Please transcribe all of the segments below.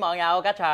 網友吉祥，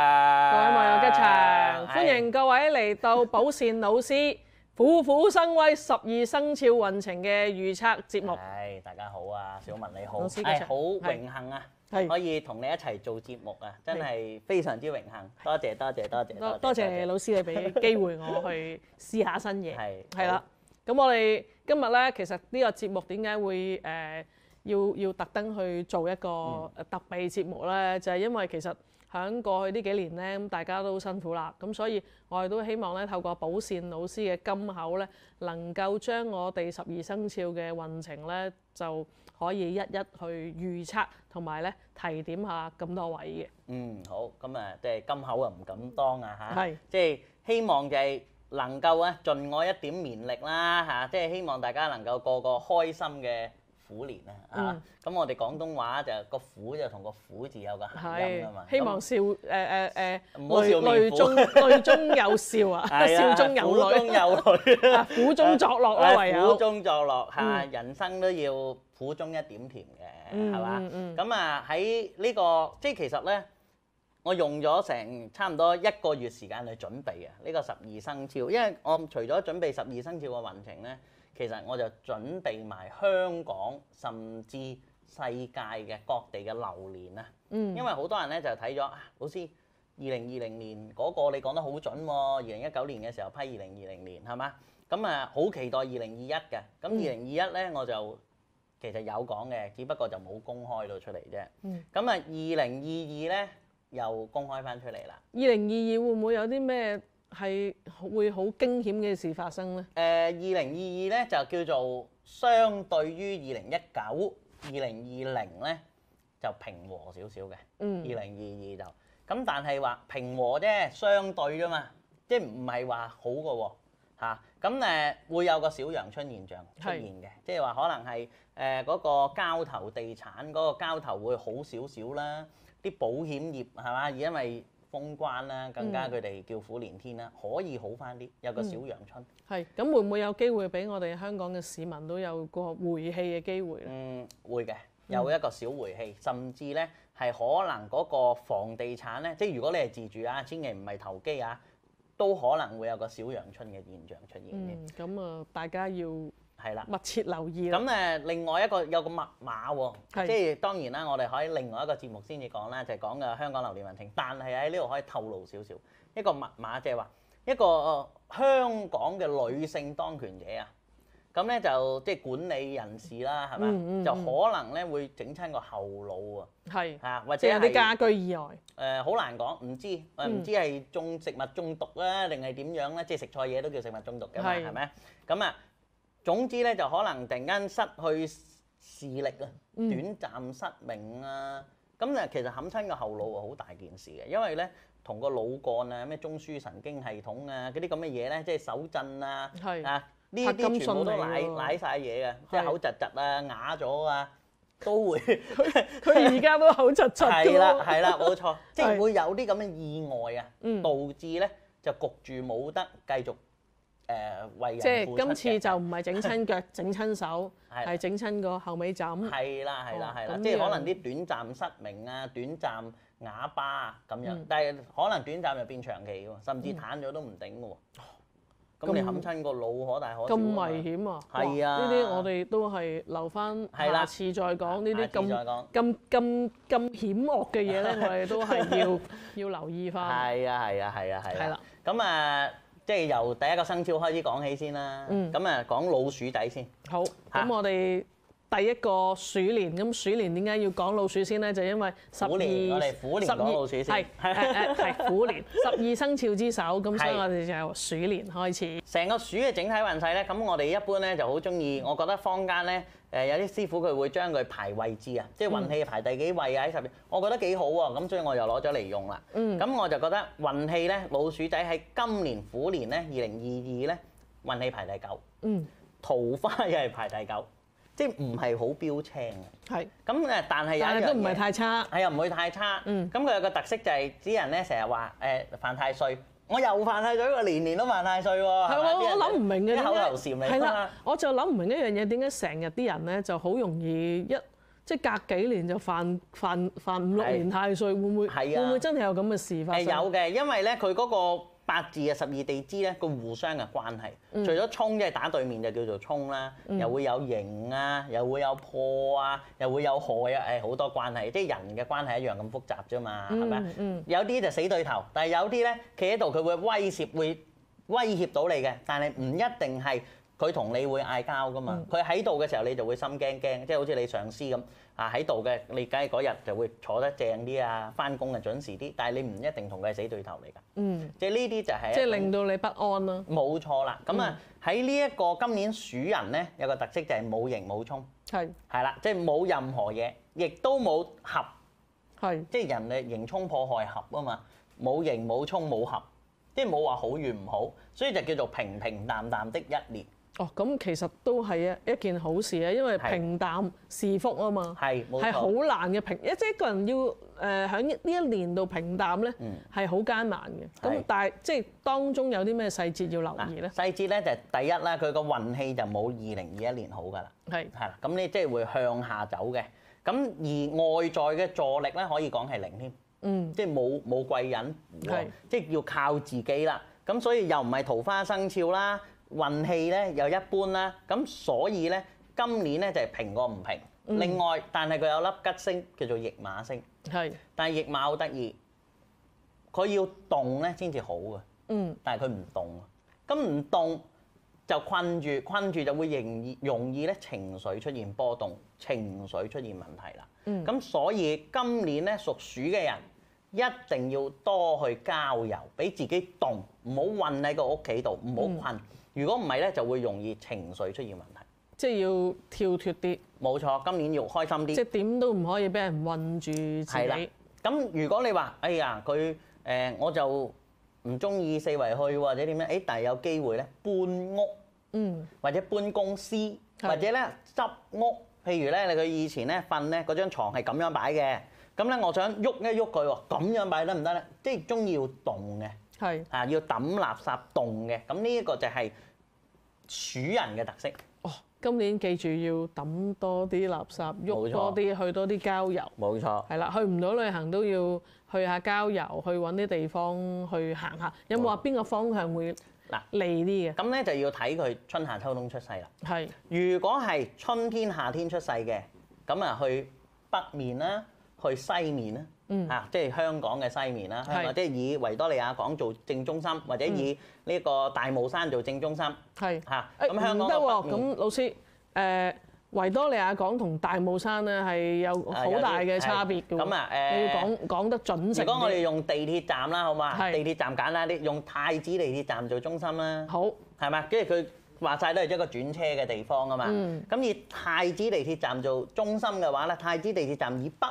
各位網友吉祥，歡迎各位嚟到寶善老師虎虎生威十二生肖運程嘅預測節目。係大家好啊，小文你好，係好榮幸啊，可以同你一齊做節目啊，真係非常之榮幸，多謝多謝多謝，多謝老師你俾機會我去試下新嘢。係係啦，咁我哋今日咧，其實呢個節目點解會誒要要特登去做一個誒特別節目咧？就係因為其實。響過去呢幾年咧，咁大家都辛苦啦，咁所以我哋都希望咧透過寶善老師嘅金口咧，能夠將我哋十二生肖嘅運程咧就可以一一去預測，同埋咧提點下咁多位嘅。嗯，好，咁誒，即係金口啊，唔敢當啊嚇，係，即係希望就係能夠啊盡我一點綿力啦嚇，即係希望大家能夠過個開心嘅，虎年啊，啊！咁我哋廣東話就個虎就同個苦字有個諧音㗎嘛。希望笑誒誒誒，淚淚中淚中有笑啊，笑中有淚，苦中有淚，苦中作樂啦，唯有苦中作樂嚇，人生都要苦中一點甜嘅，係嘛？咁啊喺呢個即係其實咧，我用咗成差唔多一個月時間去準備啊。呢個十二生肖，因為我除咗準備十二生肖嘅運程咧，其實我就準備埋香港甚至世界嘅各地嘅流年啦，嗯、因為好多人咧就睇咗，老師二零二零年嗰個你講得好準喎、哦，二零一九年嘅時候批二零二零年係嘛？咁啊好期待二零二一嘅，咁二零二一呢，嗯、我就其實有講嘅，只不過就冇公開到出嚟啫。咁啊二零二二呢，又公開翻出嚟啦，二零二二會唔會有啲咩？係會好驚險嘅事發生呢。誒、呃，二零二二呢，就叫做相對於二零一九、二零二零呢，就平和少少嘅。嗯。二零二二就咁，但係話平和啫，相對㗎嘛，即係唔係話好嘅喎嚇。咁、啊、誒、啊、會有個小陽春現象出現嘅，是即係話可能係誒嗰個交投地產嗰、嗰個交投會好少少啦。啲保險業係嘛，而因為封關啦，更加佢哋叫苦連天啦，嗯、可以好翻啲，有個小陽春。係，咁會唔會有機會俾我哋香港嘅市民都有個回氣嘅機會？嗯，會嘅，有一個小回氣，甚至呢係可能嗰個房地產呢。即係如果你係自住啊，千祈唔係投機啊，都可能會有個小陽春嘅現象出現嘅。嗯，咁啊，大家要。係啦，密切留意。咁誒，另外一個有個密碼喎、啊，即係當然啦。我哋可以另外一個節目先至講啦，就係、是、講嘅香港流年運程。但係喺呢度可以透露少少一個密碼，即係話一個、呃、香港嘅女性當權者啊，咁咧就即係管理人士啦，係咪？嗯嗯嗯、就可能咧會整親個後腦啊，係啊是，或者有啲家居意外誒、呃，好難講，唔知誒，唔、呃、知係中食物中毒啊，定係點樣咧？即係食錯嘢都叫食物中毒嘅嘛，係咪？咁啊。嗯嗯嗯。總之咧，就可能突然間失去視力啦，短暫失明啊。咁、嗯、咧，其實冚親個後腦喎，好大件事嘅。因為咧，同個腦幹啊、咩中樞神經系統啊嗰啲咁嘅嘢咧，即係手震啊是啊，呢啲全部都攋攋晒嘢嘅，是即係口窒窒啊、啞咗啊，都會。佢佢而家都口窒窒。係啦， 係啦，冇錯，即係的會有啲咁嘅意外啊，導致咧就焗住冇得繼續。誒為即係今次就唔係整親腳、整親手，係整親個後尾枕。係啦，係啦，係啦，即係可能啲短暫失明啊、短暫啞巴啊咁樣，但係可能短暫又變長期喎，甚至癱咗都唔頂喎。咁你冚親個腦可大可小。咁危險啊！係啊！呢啲我哋都係留翻下次再講。呢啲咁咁咁咁險惡嘅嘢咧，我哋都係要要留意翻。係啊，係啊，係啊，係。係啦，咁誒。即係由第一個生肖開始講起先啦。嗯。咁啊，講老鼠仔先。好。咁我哋。 第一個鼠年，咁鼠年點解要講老鼠先咧？就因為十二，我哋虎年講老鼠先，係係係係虎年十二生肖之首，咁 所以我哋就鼠年開始。成個鼠嘅整體運勢咧，咁我哋一般咧就好中意。嗯、我覺得坊間咧，誒有啲師傅佢會將佢排位置啊，即係運氣排第幾位啊？喺十二，嗯、我覺得幾好喎、啊。咁所以我又攞咗嚟用啦。咁、嗯、我就覺得運氣咧，老鼠仔喺今年虎年咧，二零二二咧，運氣排第九，嗯、桃花又係排第九。即係唔係好標青嘅，係咁誒。但係有一樣嘢都唔係太差，係又唔會太差。嗯，咁佢有個特色就係啲人咧成日話誒犯太歲，我又犯太歲，我年年都犯太歲喎。係我我諗唔明嘅，口頭禪嚟㗎啦。我就諗唔明一樣嘢，點解成日啲人咧就好容易一即係隔幾年就犯犯犯五六年太歲，會唔會會唔會真係有咁嘅事發生？係有嘅，因為咧佢嗰個。八字啊，十二地支咧個互相嘅關係，嗯、除咗沖即係打對面就叫做沖啦，嗯、又會有刑啊，又會有破啊，又會有害啊，誒好多關係，即係人嘅關係一樣咁複雜啫嘛，係咪啊？吧嗯、有啲就死對頭，但係有啲咧企喺度佢會威脅，會威脅到你嘅，但係唔一定係。佢同你會嗌交㗎嘛？佢喺度嘅時候，你就會心驚驚，即係好似你上司咁啊喺度嘅，你梗係嗰日就會坐得正啲啊，翻工啊準時啲。但係你唔一定同佢係死對頭嚟㗎。嗯，即係呢啲就係即係令到你不安啦、啊。冇錯啦，咁啊喺呢一個今年鼠人咧，有個特色就係冇刑冇衝，係係是啦，即係冇任何嘢，亦都冇合，係是即係人哋刑衝破害合啊嘛，冇刑冇衝冇合，即係冇話好與唔好，所以就叫做平平淡淡，淡的一年。哦，咁其實都係一一件好事呀，因為平淡是福啊嘛，係係好難嘅平一即係一個人要誒喺呢一年度平淡咧，嗯，係好艱難嘅。咁但係即係當中有啲咩細節要留意咧？細節咧就係第一啦，佢個運氣就冇二零二一年好㗎啦，係係啦，咁你即係會向下走嘅。咁而外在嘅助力咧，可以講係零添，嗯，即係冇冇貴人，係即係要靠自己啦。咁所以又唔係桃花生肖啦。運氣咧又一般啦，咁所以咧今年咧就係平過唔平。嗯、另外，但係佢有粒吉星叫做驛馬星，係是。但係驛馬好得意，佢要動咧先至好嘅。嗯。但係佢唔動，咁唔動就困住，困住就會容易容易咧情緒出現波動，情緒出現問題啦。嗯。咁所以今年咧屬鼠嘅人一定要多去郊遊，俾自己動，唔好困喺個屋企度，唔好困。嗯嗯。如果唔係咧，就會容易情緒出現問題。即係要跳脱啲。冇錯，今年要開心啲。即係點都唔可以俾人困住自己。係啦。咁如果你話：哎呀，佢誒、呃、我就唔中意四圍去或者點樣？誒，但係有機會咧，搬屋，嗯，或者搬公司，嗯、或者咧執屋。譬如咧，你佢以前咧瞓咧嗰張牀係咁樣擺嘅，咁咧我想喐一喐佢喎，咁樣擺得唔得咧？即係中意要動嘅。係是啊，要抌垃圾洞嘅。咁呢一個就係鼠人嘅特色。哦，今年記住要抌多啲垃圾、喐錯多啲，去多啲郊遊。冇錯錯。係啦，去唔到旅行都要去下郊遊，去揾啲地方去行下。哦、有冇話邊個方向會嗱利啲嘅？咁咧就要睇佢春夏秋冬出世啦。係是。如果係春天夏天出世嘅，咁啊去北面啦，去西面啦。嗯嚇，即係香港嘅西面啦，係嘛？即係以維多利亞港做正中心，或者以呢個大帽山做正中心，係嚇咁香港得喎。咁老師誒，維多利亞港同大帽山咧係有好大嘅差別嘅喎。咁啊誒，要講講得準。如果我哋用地鐵站啦，好嘛？地鐵站簡單啲，你用太子地鐵站做中心啦，好係嘛？跟住佢話曬都係一個轉車嘅地方啊嘛。咁以太子地鐵站做中心嘅話咧，太子地鐵站以北，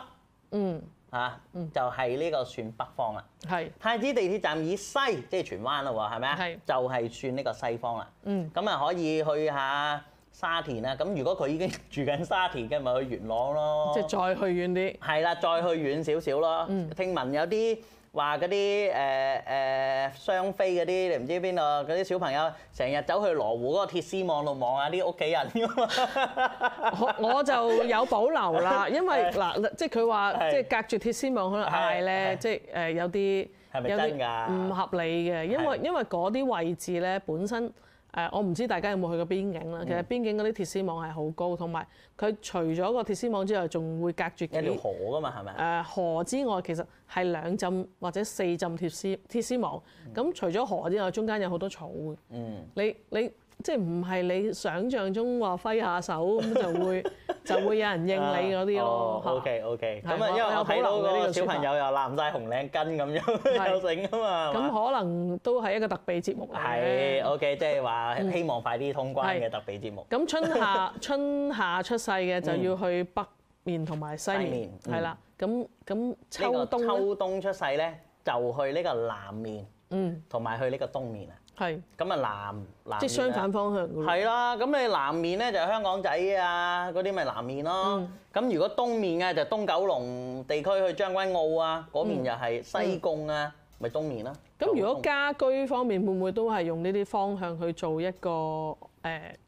嗯。啊，就係呢個算北方啦。係是太子地鐵站以西，即係荃灣啦，喎係咪啊？係是就係算呢個西方啦。嗯，咁啊可以去下沙田啦。咁如果佢已經住緊沙田嘅，咪去元朗咯。即係再去遠啲。係啦，再去遠少少咯。嗯，聽聞有啲。話嗰啲誒、誒雙飛嗰啲，你唔知邊度嗰啲小朋友成日走去羅湖嗰個鐵絲網度望下啲屋企人㗎嘛，我，我就有保留啦，因為嗱是即係佢話即係隔住鐵絲網可能太咧，即係誒、呃、有啲有啲唔合理嘅，因為因為嗰啲位置咧本身，誒、呃，我唔知大家有冇去過邊境啦。其實邊境嗰啲鐵絲網係好高，同埋佢除咗個鐵絲網之外，仲會隔住一條河噶嘛，係咪？誒、呃，河之外其實係兩浸或者四浸鐵絲鐵絲網。咁除咗河之外，中間有好多草嘅。嗯，你你。你即係唔係你想象中話揮下手咁就會就會有人應你嗰啲咯。OK OK，咁啊，因為有睇到嗰啲小朋友又攬晒紅領巾咁樣又整啊嘛。咁可能都係一個特備節目嚟嘅。係 OK，即係話希望快啲通關嘅特備節目。咁春夏春夏出世嘅就要去北面同埋西面。係啦，咁咁秋冬秋冬出世咧就去呢個南面，嗯，同埋去呢個東面啊。係，咁啊南南即係相反方向噶咯。係啦，咁你南面咧就香港仔啊，嗰啲咪南面咯。咁如果東面啊就東九龍地區去將軍澳啊，嗰面又係西貢啊，咪東面咯。咁如果家居方面會唔會都係用呢啲方向去做一個誒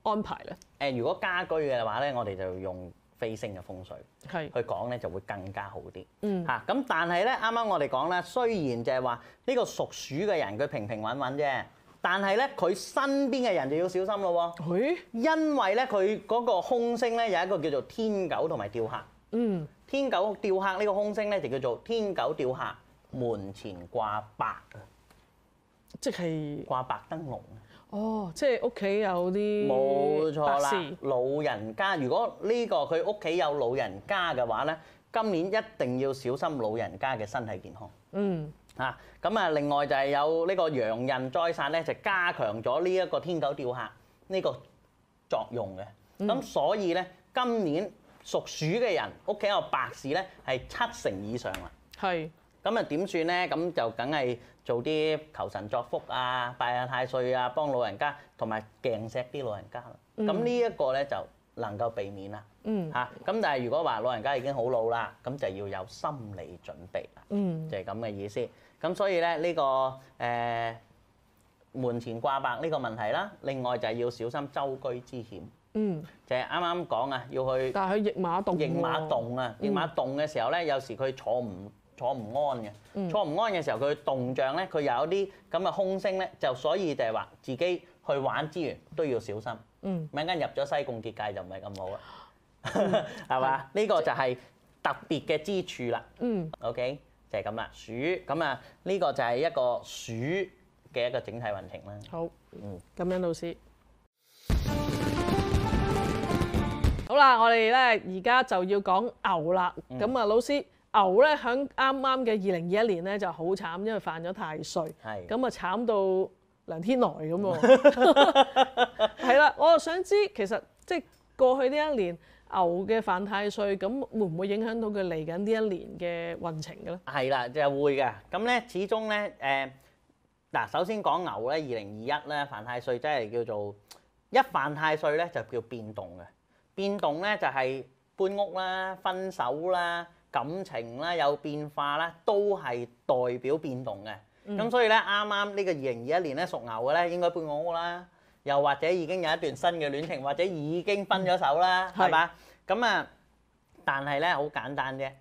安排咧？誒，如果家居嘅話咧，我哋就用飛星嘅風水係去講咧，就會更加好啲。嗯，嚇咁但係咧，啱啱我哋講咧，雖然就係話呢個屬鼠嘅人佢平平穩穩啫。但係咧，佢身邊嘅人就要小心咯、哎、因為咧佢嗰個空星咧有一個叫做天狗同埋吊客，嗯，天狗吊客呢個空星咧就叫做天狗吊客，門前掛白即係是掛白燈籠哦，即係屋企有啲白事，冇錯啦，老人家，如果呢個佢屋企有老人家嘅話咧，今年一定要小心老人家嘅身體健康，嗯。啊，咁啊，另外就係有呢個羊刃災煞咧，就加強咗呢一個天狗吊客呢個作用嘅。咁、嗯、所以咧，今年屬鼠嘅人屋企有白事咧，係七成以上啦。係是。咁啊點算咧？咁就梗係做啲求神作福啊，拜下太歲啊，幫老人家同埋頸錫啲老人家啦。咁、嗯、呢一個咧就能夠避免啦。嗯、啊。嚇，咁但係如果話老人家已經好老啦，咁就要有心理準備啦。嗯。就係咁嘅意思。咁所以咧，呢、這個誒、呃、門前掛白呢個問題啦，另外就係要小心周居之險。嗯，就係啱啱講啊，要去但逆。但係喺驛馬動。驛馬動啊，驛馬動嘅時候咧，嗯、有時佢坐唔坐唔安嘅，坐唔安嘅、嗯、時候佢動象咧，佢有啲咁嘅空聲咧，就所以就係話自己去玩資源都要小心。嗯。陣間入咗西貢結界就唔係咁好啦，係嘛？呢個就係特別嘅之處啦。嗯。OK、嗯。就係咁啦，鼠咁啊，呢個就係一個鼠嘅一個整體運程啦。好，嗯，咁樣老師，好啦，我哋咧而家就要講牛啦。咁啊、嗯，老師，牛咧響啱啱嘅二零二一年咧就好慘，因為犯咗太歲。係是。咁啊慘到梁天來咁喎。係啦， 我就想知其實即係過去呢一年，牛嘅犯太歲，咁會唔會影響到佢嚟緊呢一年嘅運程嘅咧？係啦，就係會嘅。咁咧，始終咧，誒，嗱，首先講牛咧，二零二一咧犯太歲，即係叫做一犯太歲咧就叫變動嘅。變動咧就係搬屋啦、分手啦、感情啦有變化啦，都係代表變動嘅。咁所以咧，啱啱呢個二零二一年咧屬牛嘅咧，應該搬屋啦。又或者已經有一段新嘅戀情，或者已經分咗手啦，係嘛是？咁啊，但係咧，好簡單啫。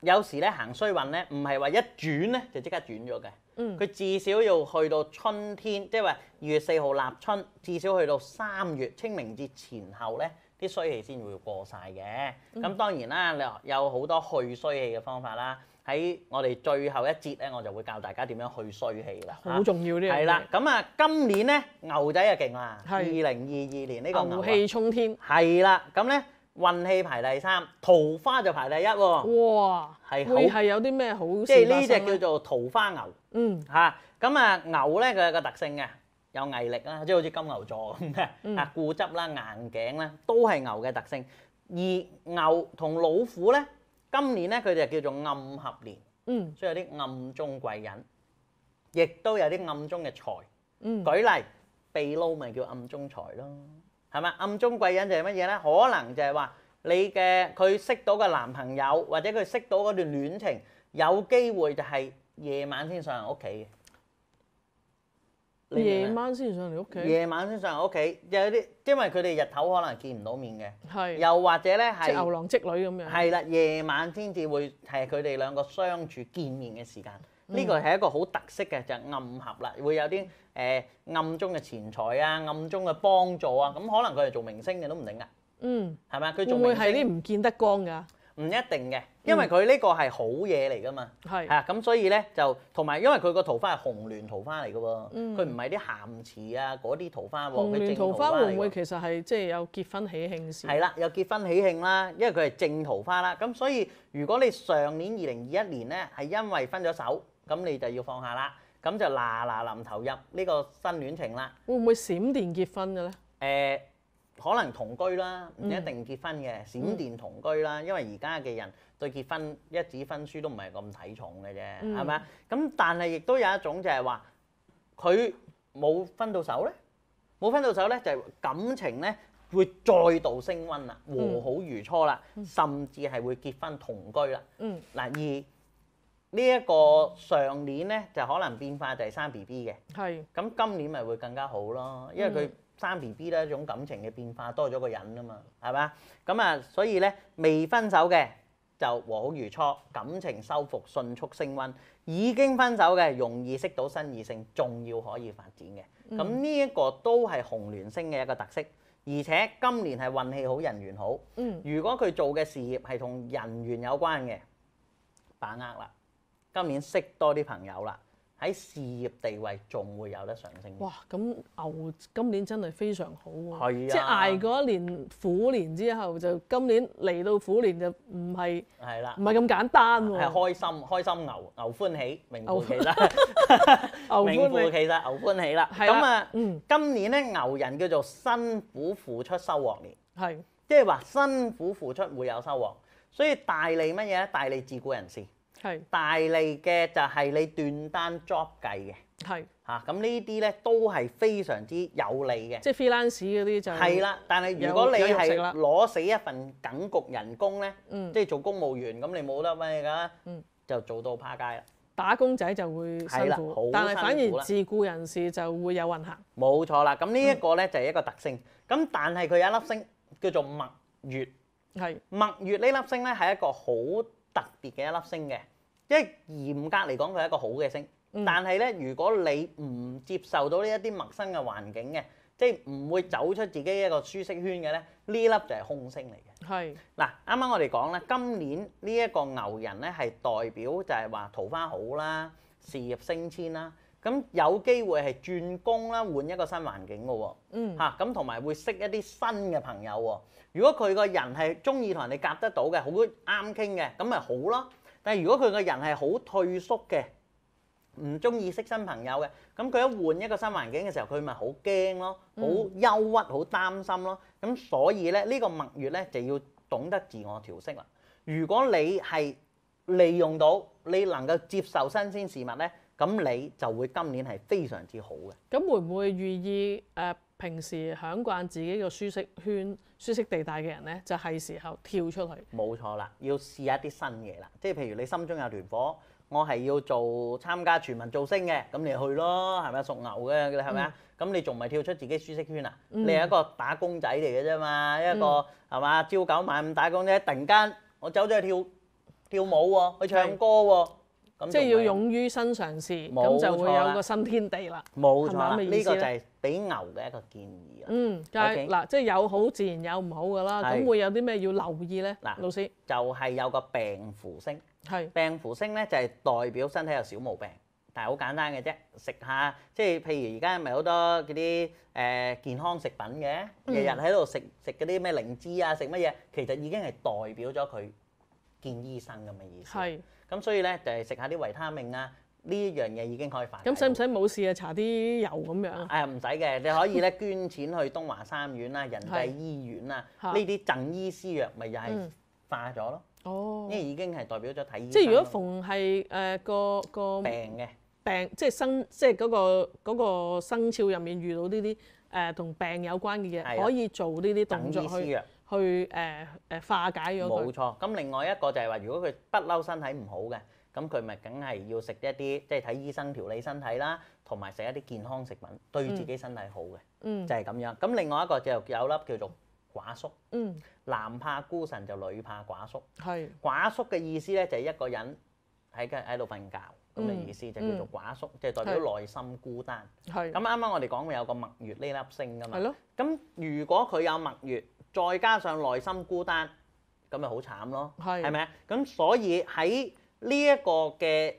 有時咧行衰運咧，唔係話一轉咧就即刻轉咗嘅。佢、嗯、至少要去到春天，即係話二月四號立春，至少去到三月清明節前後咧，啲衰氣先會過晒嘅。咁、嗯、當然啦，有好多去衰氣嘅方法啦。喺我哋最後一節咧，我就會教大家點樣去衰氣啦。好重要啲嘢。係啦，咁啊，今年咧牛仔就勁啦。係。二零二二年呢個牛氣沖天。係啦，咁咧運氣排第三，桃花就排第一喎。哇！係會係有啲咩好？即係呢隻叫做桃花牛。嗯。吓，咁啊牛咧，佢有個特性嘅，有毅力啦，即係好似金牛座咁嘅，啊固執啦、硬頸啦，都係牛嘅特性。而牛同老虎咧。今年咧，佢哋就叫做暗合年，嗯、所以有啲暗中貴人，亦都有啲暗中嘅財。嗯、舉例，被撈咪叫暗中財咯，係咪？暗中貴人就係乜嘢咧？可能就係話你嘅佢識到嘅男朋友，或者佢識到嗰段戀情，有機會就係夜晚先上，上人屋企嘅。夜晚先上嚟屋企，夜晚先上嚟屋企，有啲，因為佢哋日頭可能見唔到面嘅，係是，又或者咧係，牛郎織女咁樣，係啦，夜晚先至會係佢哋兩個相處見面嘅時間，呢個係一個好特色嘅，就係、暗合啦，會有啲誒暗中嘅錢財啊，暗中嘅幫助啊，咁可能佢係做明星嘅都唔定噶，嗯，係咪佢仲會唔會係啲唔見得光㗎？唔一定嘅，因為佢呢個係好嘢嚟噶嘛，係啊，咁所以咧就同埋，因為佢個桃花係紅鸞桃花嚟噶喎，佢唔係啲鹹池啊嗰啲桃花喎。紅鸞桃花會唔會其實係即係有結婚喜慶事？係啦，有結婚喜慶啦，因為佢係正桃花啦，咁所以如果你上年二零二一年咧係因為分咗手，咁你就要放下啦，咁就嗱嗱臨投入呢個新戀情啦。會唔會閃電結婚嘅咧？誒。可能同居啦，唔一定結婚嘅、嗯、閃電同居啦，因為而家嘅人對結婚一紙婚書都唔係咁睇重嘅啫，係咪？咁但係亦都有一種就係話佢冇分到手咧，冇分到手咧就係、感情咧會再度升溫啦，和好如初啦，嗯、甚至係會結婚同居啦。嗯，嗱二。呢一個上年呢，就可能變化就係生 B B 嘅，係咁是今年咪會更加好咯，因為佢生 B B 咧一種感情嘅變化，多咗個人噶嘛，係嘛？咁啊，所以呢，未分手嘅就和好如初，感情修復迅速升溫；已經分手嘅容易識到新異性，仲要可以發展嘅。咁呢一個都係紅鸞星嘅一個特色，而且今年係運氣好人緣好。嗯、如果佢做嘅事業係同人緣有關嘅，把握啦。今年識多啲朋友啦，喺事業地位仲會有得上升。哇！咁牛今年真係非常好喎，啊、即係捱過一年苦年之後，就今年嚟到虎年就唔係，係啦、啊，唔係咁簡單喎。係、啊、開心，開心牛牛歡喜，名副其實。牛， 牛歡喜啦，咁 啊，嗯、今年呢牛人叫做辛苦付出收穫年，係即係話辛苦付出會有收穫，所以大利乜嘢咧？大利自僱人士。係大利嘅就係你斷單 job 計嘅，係嚇，咁呢啲咧都係非常之有利嘅，即係 freelance 嗰啲就係啦。但係如果你係攞死一份緊局人工咧，即係做公務員咁，你冇得咩㗎？就做到趴街啦。打工仔就會辛苦，但係反而自僱人士就會有運行。冇錯啦。咁呢一個咧就係一個特性。咁但係佢有一粒星叫做墨月，係墨月呢粒星咧係一個好特別嘅一粒星嘅。即係嚴格嚟講，佢係一個好嘅星。但係咧，如果你唔接受到呢一啲陌生嘅環境嘅，即係唔會走出自己一個舒適圈嘅咧，呢粒就係空星嚟嘅。係嗱，啱啱我哋講咧，今年呢一個牛人咧，係代表就係話桃花好啦，事業升遷啦，咁有機會係轉工啦，換一個新環境嘅喎。嗯，嚇咁同埋會識一啲新嘅朋友喎。如果佢個人係中意同人哋夾得到嘅，好啱傾嘅，咁咪好咯。但係如果佢個人係好退縮嘅，唔鍾意識新朋友嘅，咁佢一換一個新環境嘅時候，佢咪好驚咯，好憂鬱，好擔心咯。咁所以咧，這個、蜜呢個蜜月咧就要懂得自我調適啦。如果你係利用到你能夠接受新鮮事物咧，咁你就會今年係非常之好嘅。咁、嗯、會唔會預意？誒、呃？平時響慣自己個舒適圈、舒適地帶嘅人呢，就係、是、時候跳出去。冇錯啦，要試一啲新嘢啦。即係譬如你心中有團火，我係要做參加全民造星嘅，咁你去咯，係咪啊？屬牛嘅係咪啊？咁、嗯、你仲咪跳出自己舒適圈啊？嗯、你係一個打工仔嚟嘅啫嘛，一個係嘛、嗯、朝九晚五打工啫。突然間我走咗去跳跳舞喎、啊，去唱歌喎、啊。即係要勇於新嘗試，咁就會有個新天地啦。冇錯，呢個就係俾牛嘅一個建議啊。嗯，梗係嗱，即係有好自然有唔好噶啦。咁會有啲咩要留意咧？嗱，老師就係有個病符星，係病符星咧，就係代表身體有小毛病，但係好簡單嘅啫。食下即係譬如而家係咪好多嗰啲誒健康食品嘅，日日喺度食食嗰啲咩靈芝啊，食乜嘢，其實已經係代表咗佢見醫生咁嘅意思。係。咁所以咧就係、是、食下啲維他命啊，呢一樣嘢已經可以化。咁使唔使冇事啊？搽啲油咁樣啊？誒唔使嘅，你可以咧捐錢去東華三院啊、仁濟醫院啊，呢啲贈醫施藥咪又係化咗咯。哦、嗯，因為已經係代表咗睇醫生。即係如果逢係誒、呃、個個病嘅病的即，即係生即係嗰個生肖入面遇到呢啲誒同病有關嘅嘢，的可以做呢啲動作去去誒誒化解咗冇錯，咁另外一個就係話，如果佢不嬲身體唔好嘅，咁佢咪梗係要食一啲即係睇醫生調理身體啦，同埋食一啲健康食品，對自己身體好嘅，就係咁樣。咁另外一個就有粒叫做寡宿，嗯，男怕孤神就女怕寡宿，係寡宿嘅意思咧就係一個人喺嘅喺度瞓覺咁嘅意思，就叫做寡宿，即係代表內心孤單。係咁啱啱我哋講過有個墨月呢粒星㗎嘛？係咯。咁如果佢有墨月。再加上內心孤單，咁咪好慘咯，係。係咪啊？咁所以喺呢一個嘅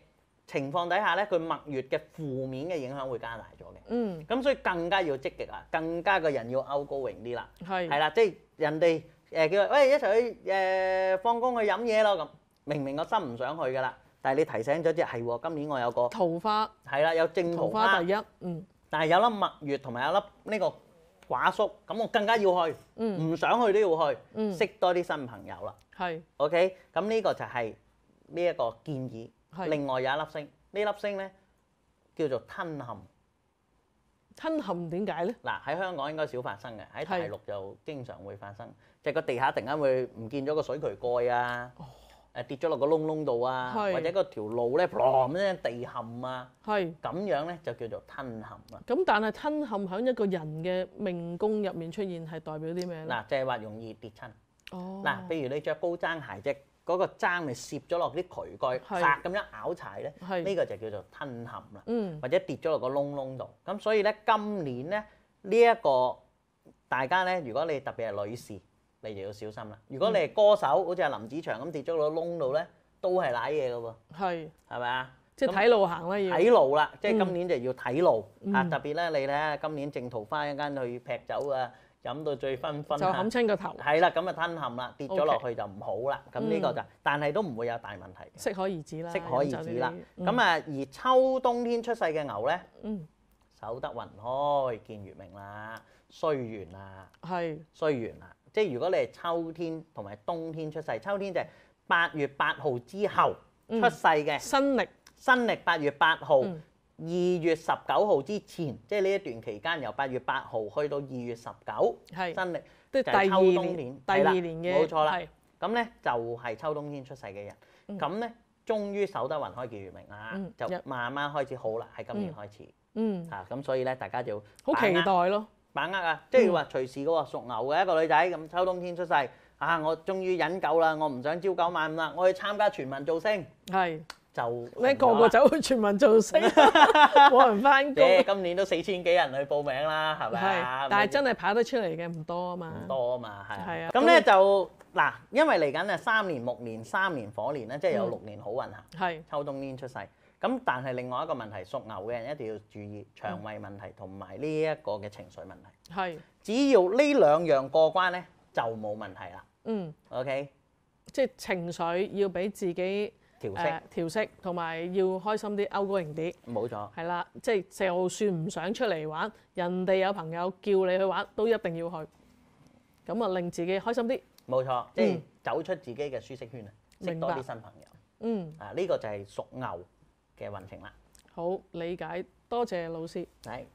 情況底下咧，佢墨月嘅負面嘅影響會加大咗嘅。嗯。咁所以更加要積極啦，更加嘅人要勾高榮啲啦。係。係啦，即係人哋誒叫，喂一齊去誒放工去飲嘢咯咁。明明個心唔想去㗎啦，但係你提醒咗之後係喎，今年我有個桃花。係啦，有正桃花第一。嗯。但係有粒墨月同埋有粒呢個。寡宿咁，我更加要去，唔、嗯、想去都要去，嗯、識多啲新朋友啦。係是，OK，咁呢個就係呢一個建議。是另外有一粒星，呢粒星呢，叫做吞陷。吞陷點解呢？嗱，喺香港應該少發生嘅，喺大陸就經常會發生，即係個地下突然間會唔見咗個水渠蓋啊。哦誒跌咗落個窿窿度啊，是或者個條路咧，咁樣地陷啊，咁是樣咧就叫做吞陷啦。咁但係吞陷喺一個人嘅命宮入面出現係代表啲咩咧？嗱，就係話容易跌親。哦，嗱，譬如你着高踭鞋啫，嗰、那個踭你攝咗落啲渠蓋，嚓咁是樣拗柴咧，呢是個就叫做吞陷啦。嗯是，或者跌咗落個窿窿度。咁、嗯、所以咧，今年咧呢一個大家咧，如果你特別係女士。你就要小心啦。如果你係歌手，好似阿林子祥咁跌咗落窿度咧，都係賴嘢嘅喎。係。係咪啊？即係睇路行啦，要睇路啦。即係今年就要睇路啊！特別咧，你咧今年正桃花一間去劈酒啊，飲到醉醺醺就冚親個頭。係啦，咁啊吞冚啦，跌咗落去就唔好啦。咁呢個就，但係都唔會有大問題。適可而止啦。適可而止啦。咁啊，而秋冬天出世嘅牛咧，守得雲開見月明啦，雖圓啊，雖圓啊。即係如果你係秋天同埋冬天出世，秋天就係八月八號之後出世嘅，新曆新曆八月八號，二月十九號之前，即係呢一段期間，由八月八號去到二月十九，係新曆，即係秋冬年，係啦，第二年嘅，冇錯啦，咁呢就係秋冬天出世嘅人，咁呢，終於守得雲開見月明啦，就慢慢開始好啦，喺今年開始，嗯，啊咁所以呢，大家就好期待咯。把握啊！即係話隨時嗰個屬牛嘅一個女仔咁，秋冬天出世啊！我終於忍夠啦，我唔想朝九晚五啦，我去參加全民造星。係是。就咩個個走去全民造星，冇 人翻工。今年都四千幾人去報名啦，係咪啊？但係真係跑得出嚟嘅唔多啊嘛。唔多啊嘛，係。係啊的。咁咧就嗱會，因為嚟緊啊，三年木年、三年火年咧，即係有六年好運行。係的。的秋冬天出世。咁但係另外一個問題，屬牛嘅人一定要注意腸胃問題同埋呢一個嘅情緒問題。係是，只要呢兩樣過關呢，就冇問題啦。嗯。OK，即係情緒要俾自己調息色、呃、調息，同埋要開心啲，勾高型啲。冇錯。係啦，即係就算唔想出嚟玩，人哋有朋友叫你去玩，都一定要去。咁啊，令自己開心啲。冇錯，即係走出自己嘅舒適圈啊，嗯、識多啲新朋友。嗯。嗯啊，呢、這個就係屬牛，牛嘅運程啦，好理解，多謝老師。係的，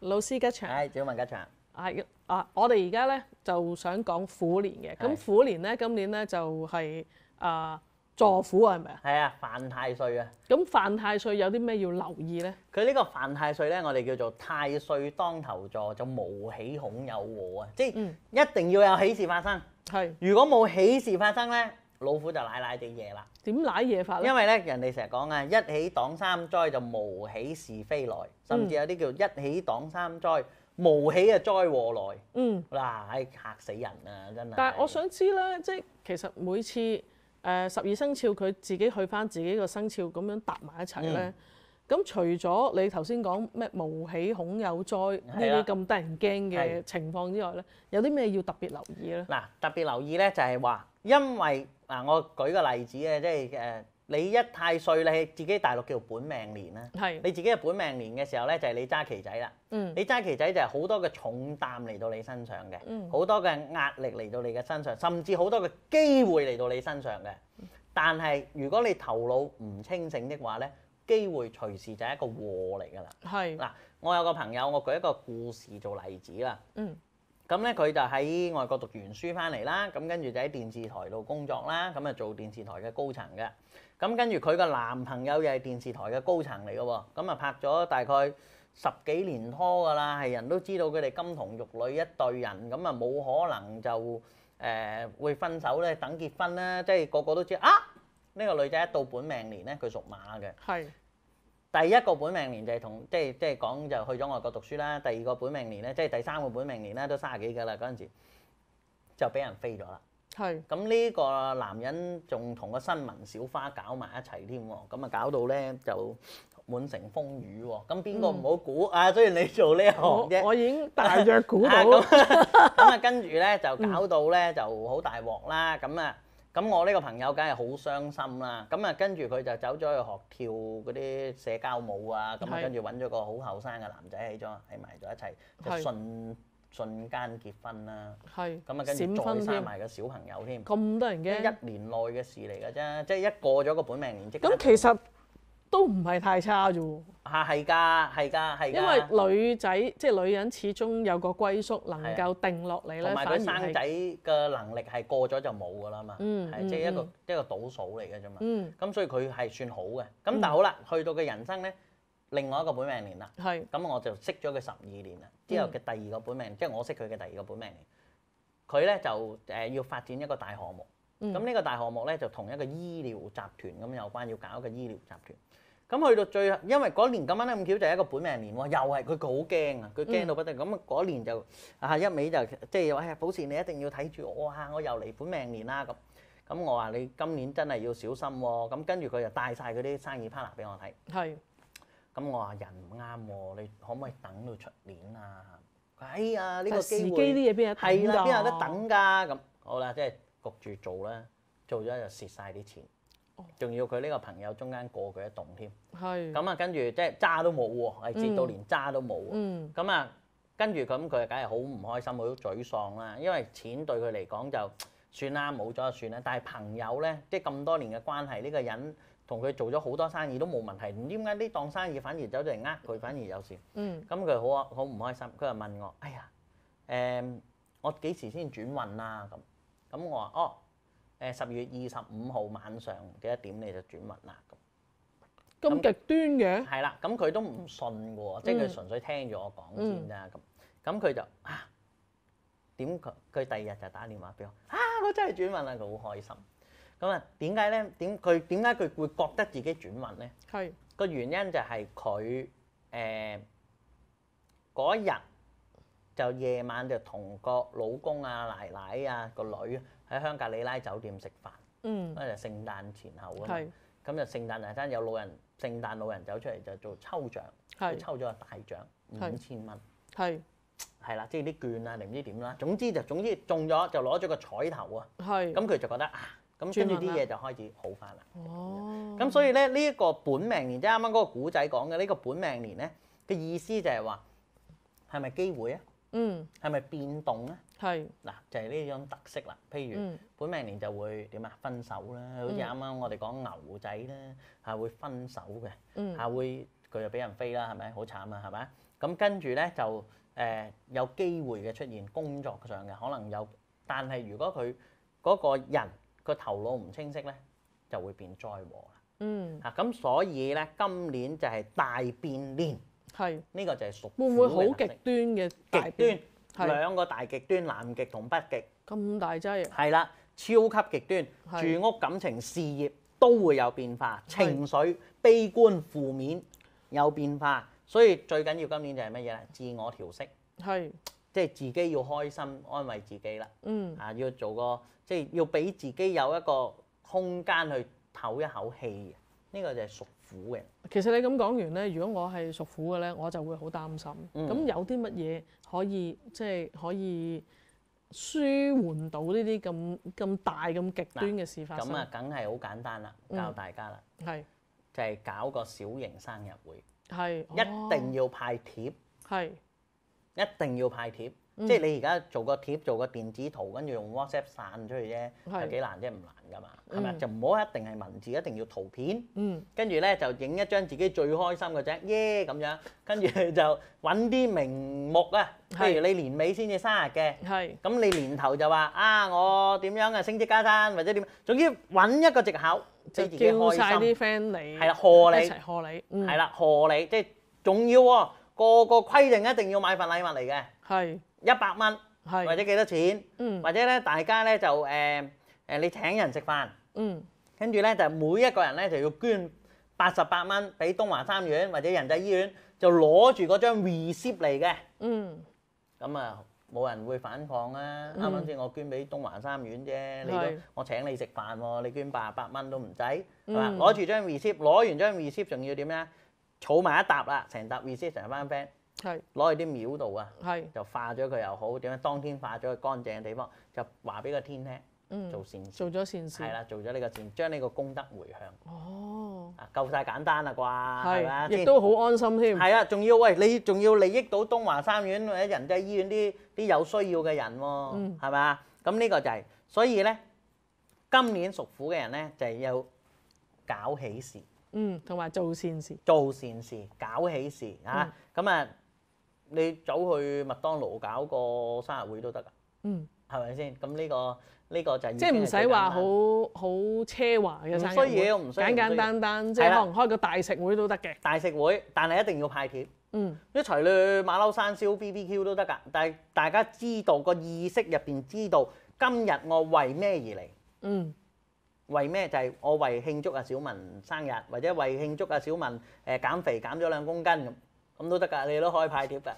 老師吉祥。係，小文吉祥。係啊，我哋而家咧就想講虎年嘅，咁虎年咧今年咧就係、是、啊、呃、坐虎啊，係咪啊？係啊，犯太歲啊。咁犯太歲有啲咩要留意咧？佢呢個犯太歲咧，我哋叫做太歲當頭坐，就無喜恐有禍啊，即係、嗯、一定要有喜事發生。係的。如果冇喜事發生咧？老虎就瀨瀨地嘢啦，點瀨嘢法咧？因為咧，人哋成日講啊，一喜擋三災就無喜是非來，甚至有啲叫一喜擋三災無喜啊災禍來。嗯，嗱，唉嚇死人啊，真係！但係我想知咧，即係其實每次誒十二生肖佢自己去返自己個生肖咁樣搭埋一齊咧，咁除咗你頭先講咩無喜恐有災呢啲咁得人驚嘅情況之外咧，有啲咩要特別留意咧？嗱，特別留意咧就係話，因為嗱，我舉個例子啊，即係誒，你一太歲，你自己大陸叫本命年啦。係。你自己嘅本命年嘅時候咧，就係你揸旗仔啦。嗯。你揸旗仔就係好多嘅重擔嚟到你身上嘅，嗯。好多嘅壓力嚟到你嘅身上，甚至好多嘅機會嚟到你身上嘅。但係如果你頭腦唔清醒的話咧，機會隨時就係一個禍嚟㗎啦。係。嗱，我有個朋友，我舉一個故事做例子啦。嗯。咁咧佢就喺外國讀完書翻嚟啦，咁跟住就喺電視台度工作啦，咁啊做電視台嘅高層嘅。咁跟住佢個男朋友又係電視台嘅高層嚟嘅喎，咁啊拍咗大概十幾年拖㗎啦，係人都知道佢哋金童玉女一對人，咁啊冇可能就誒、呃、會分手咧，等結婚啦。即係個個都知啊。呢、這個女仔一到本命年咧，佢屬馬嘅。係。第一個本命年就係同即係即係講就是、去咗外國讀書啦，第二個本命年咧，即係第三個本命年啦，都三十幾噶啦，嗰陣時就俾人飛咗啦。係是。咁呢個男人仲同個新聞小花搞埋一齊添，咁啊搞到咧就滿城風雨喎。咁邊個唔好估啊？雖然你做呢行啫，我已經大約估到。咁 啊，跟住咧就搞到咧就好大鑊啦。咁啊、嗯。嗯咁我呢個朋友梗係好傷心啦，咁啊跟住佢就走咗去學跳嗰啲社交舞啊，咁啊是跟住揾咗個好後生嘅男仔起咗喺埋咗一齊，就瞬是瞬間結婚啦。係是，咁啊跟住再生埋個小朋友添。咁多人驚？一,一年內嘅事嚟㗎啫，即係一過咗個本命年即咁其實。都唔係太差啫喎！嚇係㗎，係㗎，係㗎。因為女仔即係女人，始終有個歸宿，能夠定落嚟咧。同埋佢生仔嘅能力係過咗就冇㗎啦嘛。嗯，係即係一個、嗯、一個倒數嚟嘅啫嘛。嗯，咁所以佢係算好嘅。咁、嗯、但係好啦，去到嘅人生咧，另外一個本命年啦。係、嗯。咁我就識咗佢十二年啦。之後嘅第二個本命，即係我識佢嘅第二個本命年，佢咧、嗯、就誒要發展一個大項目。咁呢、嗯、個大項目咧就同一個醫療集團咁有關，要搞一個醫療集團。咁去到最後，因為嗰年咁啱咧，咁巧就係一個本命年喎，又係佢好驚啊，佢驚到不得咁啊！嗰年就嚇一味就即係話，寶善你一定要睇住我啊！我又嚟本命年啦咁，咁我話你今年真係要小心喎。咁跟住佢就帶曬嗰啲生意 partner 俾我睇，係咁我話人唔啱喎，你可唔可以等到出年啊？哎呀，呢個機啲嘢邊有得等啊？邊有得等㗎？咁好啦，即係焗住做啦，做咗就蝕曬啲錢。仲要佢呢個朋友中間過佢一棟添，係咁啊，跟住即係渣都冇喎，係至到連渣都冇，嗯，咁啊，跟住咁佢梗係好唔開心，好沮喪啦，因為錢對佢嚟講就算啦，冇咗就算啦，但係朋友咧，即係咁多年嘅關係，呢個人同佢做咗好多生意都冇問題，唔知點解呢檔生意反而走咗嚟呃佢，反而有事，嗯，咁佢好啊，好唔開心，佢就問我，哎呀，誒，我幾時先轉運啊？咁，咁我話哦。誒，十月二十五號晚上幾多點你就轉運啦，咁，咁極端嘅。係啦，咁佢都唔信嘅喎，即係佢純粹聽住我講先啦咁。咁佢就啊，點，佢，佢第二日就打電話俾我啊，我真係轉運啦！佢好開心。咁啊點解咧？點，佢，點解佢會覺得自己轉運咧？係個原因就係佢誒，嗰一日就夜晚就同個老公啊、奶奶啊、個女喺香格里拉酒店食飯，咁就聖誕前後啊，咁就聖誕嗰陣有老人，聖誕老人走出嚟就做抽獎，抽咗個大獎五千蚊，係係啦，即係啲券啊，定唔知點啦。總之就總之中咗就攞咗個彩頭啊，咁佢就覺得啊，咁跟住啲嘢就開始好翻啦。咁所以咧呢一個本命年，即係啱啱嗰個古仔講嘅呢個本命年咧嘅意思就係話係咪機會啊？嗯，係咪變動咧？係嗱，就係呢種特色啦。譬如本命年就會點啊，分手啦，好似啱啱我哋講牛仔咧，係會分手嘅，係會佢就俾人飛啦，係咪好慘啊？係咪？咁跟住咧就誒有機會嘅出現工作上嘅可能有，但係如果佢嗰個人個頭腦唔清晰咧，就會變災禍啦。嗯，啊咁所以咧今年就係大變年，係呢個就係屬虎嘅。會唔會好極端嘅極端？是兩個大極端，南極同北極，咁大劑。係啦，超級極端，是住屋、感情、事業都會有變化，是情緒悲觀負面有變化。所以最緊要今年就係乜嘢咧？自我調適，係是即係自己要開心，安慰自己啦。嗯啊，要做個即係要俾自己有一個空間去唞一口氣，呢、呢個就係屬虎嘅。其實你咁講完咧，如果我係屬虎嘅咧，我就會好擔心。咁、嗯、有啲乜嘢？可以即係、就是、可以舒緩到呢啲咁咁大咁極端嘅事發生咁啊？梗係好簡單啦，教大家啦，係、嗯、就係搞個小型生日會，係是一定要派帖，係、哦、一定要派帖。是即係你而家做個貼，做個電子圖，跟住用 WhatsApp 散出去啫，係幾難啫？唔難噶嘛，係咪？就唔好一定係文字，一定要圖片。嗯。跟住咧就影一張自己最開心嘅啫，耶咁樣。跟住就揾啲名目啊，譬如你年尾先至生日嘅，係。咁你年頭就話啊，我點樣啊，升職加薪或者點樣，總之揾一個藉口，即係自己開心。叫曬啲 friend 嚟，係啦，賀你一齊賀你，係啦，賀你，即係重要喎。個個規定一定要買份禮物嚟嘅，係。一百蚊，或者幾多錢，或者咧大家咧就誒誒你請人食飯，跟住咧就每一個人咧就要捐八十八蚊俾東華三院或者仁濟醫院，就攞住嗰張 receipt 嚟嘅，咁啊冇人會反抗啊！啱啱先我捐俾東華三院啫，你都我請你食飯喎，你捐八十八蚊都唔使。係嘛？攞住張 receipt，攞完張 receipt 仲要點咧？儲埋一沓啦，成沓 receipt 成班 friend。攞是去啲廟度啊，是就化咗佢又好點樣？當天化咗去乾淨嘅地方，就話俾個天聽，嗯、做善事，做咗善事，係啦，做咗呢個善，將呢個功德回向。哦，啊夠晒簡單啦啩，係嘛是？吧亦都好安心添。係啊，仲要餵你仲要利益到東華三院或者仁濟醫院啲啲有需要嘅人喎，係嘛、嗯？咁呢個就係、是，所以咧，今年屬虎嘅人咧就係、是、有搞喜事，嗯，同埋做善事，嗯、做善事搞喜事啊，咁啊、嗯。你走去麥當勞搞個生日會都得噶，嗯，係咪先？咁呢、這個呢、這個就即係唔使話好好奢華嘅生日會，簡簡單單即係可能開個大食會都得嘅。了大食會，但係一定要派帖，嗯，一齊去馬騮山燒 BBQ 都得噶。但係大家知道、這個意識入邊知道今日我為咩而嚟，嗯，為咩就係、是、我為慶祝阿小文生日，或者為慶祝阿小文誒減肥減咗兩公斤咁。咁都得噶，你都可以派碟噶。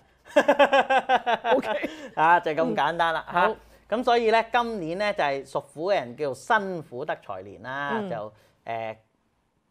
O K，啊就係、是、咁簡單啦嚇。咁所以咧，今年咧就係屬虎嘅人叫做辛苦得財年啦。嗯、就誒、呃，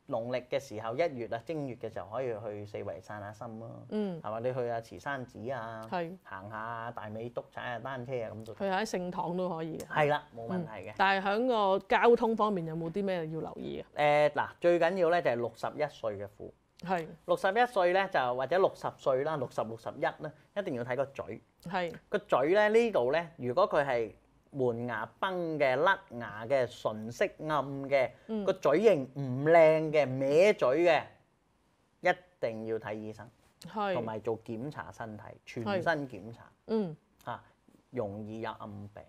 農曆嘅時候一月啊，正月嘅時候可以去四圍散下心咯、啊。嗯。係嘛？你去下慈山寺啊。係是。行下大美督踩下單車啊，咁就。去下啲聖堂都可以。係啦嗎，冇問題嘅。但係喺個交通方面有冇啲咩要留意啊？誒嗱、嗯，最緊要咧就係六十一歲嘅虎。嗯係六十一歲咧，就或者六十歲啦，六十六十一咧，一定要睇個嘴。係個嘴咧呢度咧，如果佢係門牙崩嘅、甩牙嘅、唇色暗嘅、個嘴型唔靚嘅、歪嘴嘅，一定要睇醫生，係同埋做檢查身體，全身檢查，嗯嚇、啊，容易有暗病，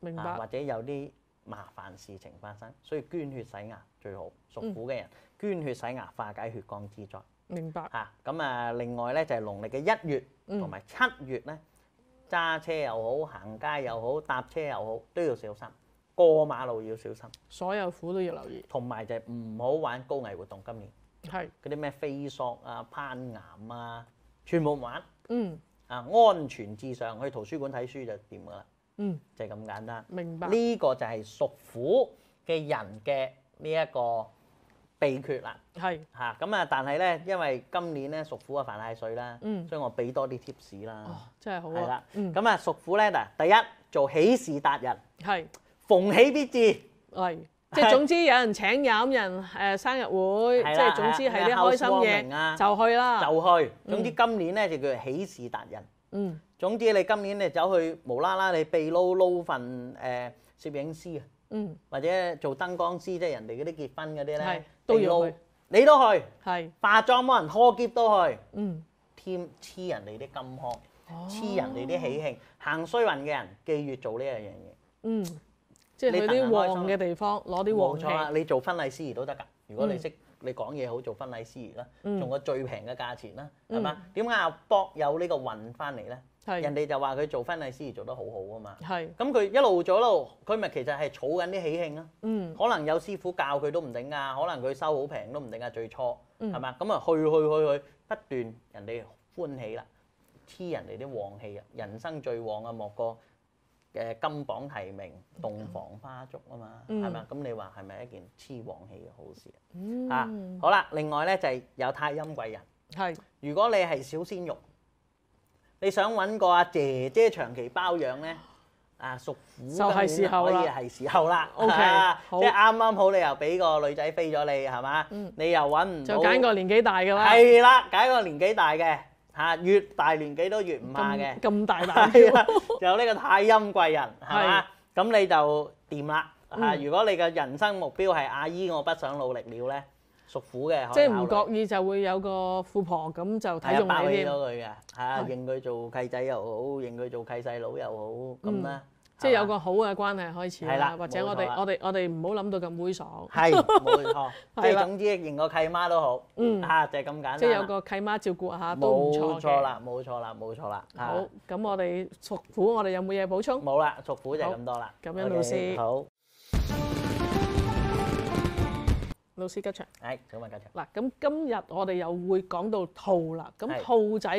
明白、啊、或者有啲。麻煩事情發生，所以捐血洗牙最好。屬虎嘅人、嗯、捐血洗牙，化解血光之災。明白吓。咁啊，另外呢，就係、是、農曆嘅一月同埋七月呢，揸車又好，行街又好，搭車又好，都要小心。過馬路要小心。所有苦都要留意。同埋就係唔好玩高危活動，今年係嗰啲咩飛索啊、攀岩啊，全部唔玩。嗯。啊，安全至上，去圖書館睇書就掂㗎啦。嗯，就係咁簡單。明白呢個就係屬虎嘅人嘅呢一個秘訣啦。係嚇，咁啊，但係咧，因為今年咧屬虎啊犯太歲啦，所以我俾多啲貼士啦。真係好啊。係啦，咁啊屬虎咧嗱，第一做喜事達人係逢喜必至，係即係總之有人請飲人誒生日會，即係總之係啲開心嘢就去啦，就去。總之今年咧就叫喜事達人。嗯，總之你今年你走去無啦啦，你被撈撈份誒、呃、攝影師啊，嗯，或者做燈光師，即係人哋嗰啲結婚嗰啲咧，都要去，你，要你都去，係化妝幫人拖劫，都去，嗯，添黐人哋啲金殼，黐人哋啲喜慶，哦、行衰運嘅人，記住做呢一樣嘢，嗯，即係你啲旺嘅地方攞啲旺氣冇錯啊，你做婚禮司儀都得㗎，如果你識。嗯嗯你講嘢好做婚禮司儀啦，用個最平嘅價錢啦，係嘛？點解阿博有呢個運翻嚟咧？係，人哋就話佢做婚禮司儀做得好好啊嘛。係，咁佢一路做一路，佢咪其實係儲緊啲喜慶咯。嗯，可能有師傅教佢都唔定㗎，可能佢收好平都唔定㗎。最初係嘛？咁啊，去去去去不斷人哋歡喜啦，黐人哋啲旺氣啊，人生最旺啊莫過嘅金榜題名、洞房花燭啊嘛，係咪？咁、嗯、你話係咪一件黐黃氣嘅好事、嗯、啊？好啦，另外呢就係、是、有太陰貴人。係是，如果你係小鮮肉，你想揾個阿姐姐長期包養呢？啊，屬虎嘅就係時候，可以係時候啦。O K，即係啱啱好，你又俾個女仔飛咗你係嘛？嗯、你又揾唔到，就揀個年紀大嘅啦。係啦，揀個年紀大嘅。嗯嚇、啊，越大年紀都越唔怕嘅，咁大把 就有呢個太陰貴人係嘛，咁、啊、的你就掂啦嚇。啊嗯、如果你嘅人生目標係阿姨，我不想努力了咧，屬虎嘅，即係唔覺意就會有個富婆咁就睇中你咗佢嘅，嚇，啊、的認佢做契仔又好，認佢做契細佬又好，咁咧。嗯即係有個好嘅關係開始，或者我哋我哋我哋唔好諗到咁猥瑣。係冇錯，即係總之認個契媽都好。嗯，啊就係咁簡單。即係有個契媽照顧下都唔錯嘅。冇錯啦，冇錯啦，冇錯啦。好，咁我哋屬虎，我哋有冇嘢補充？冇啦，屬虎就係咁多啦。咁樣，老師好。老師吉祥。誒，小文吉祥。嗱，咁今日我哋又會講到兔啦。咁兔仔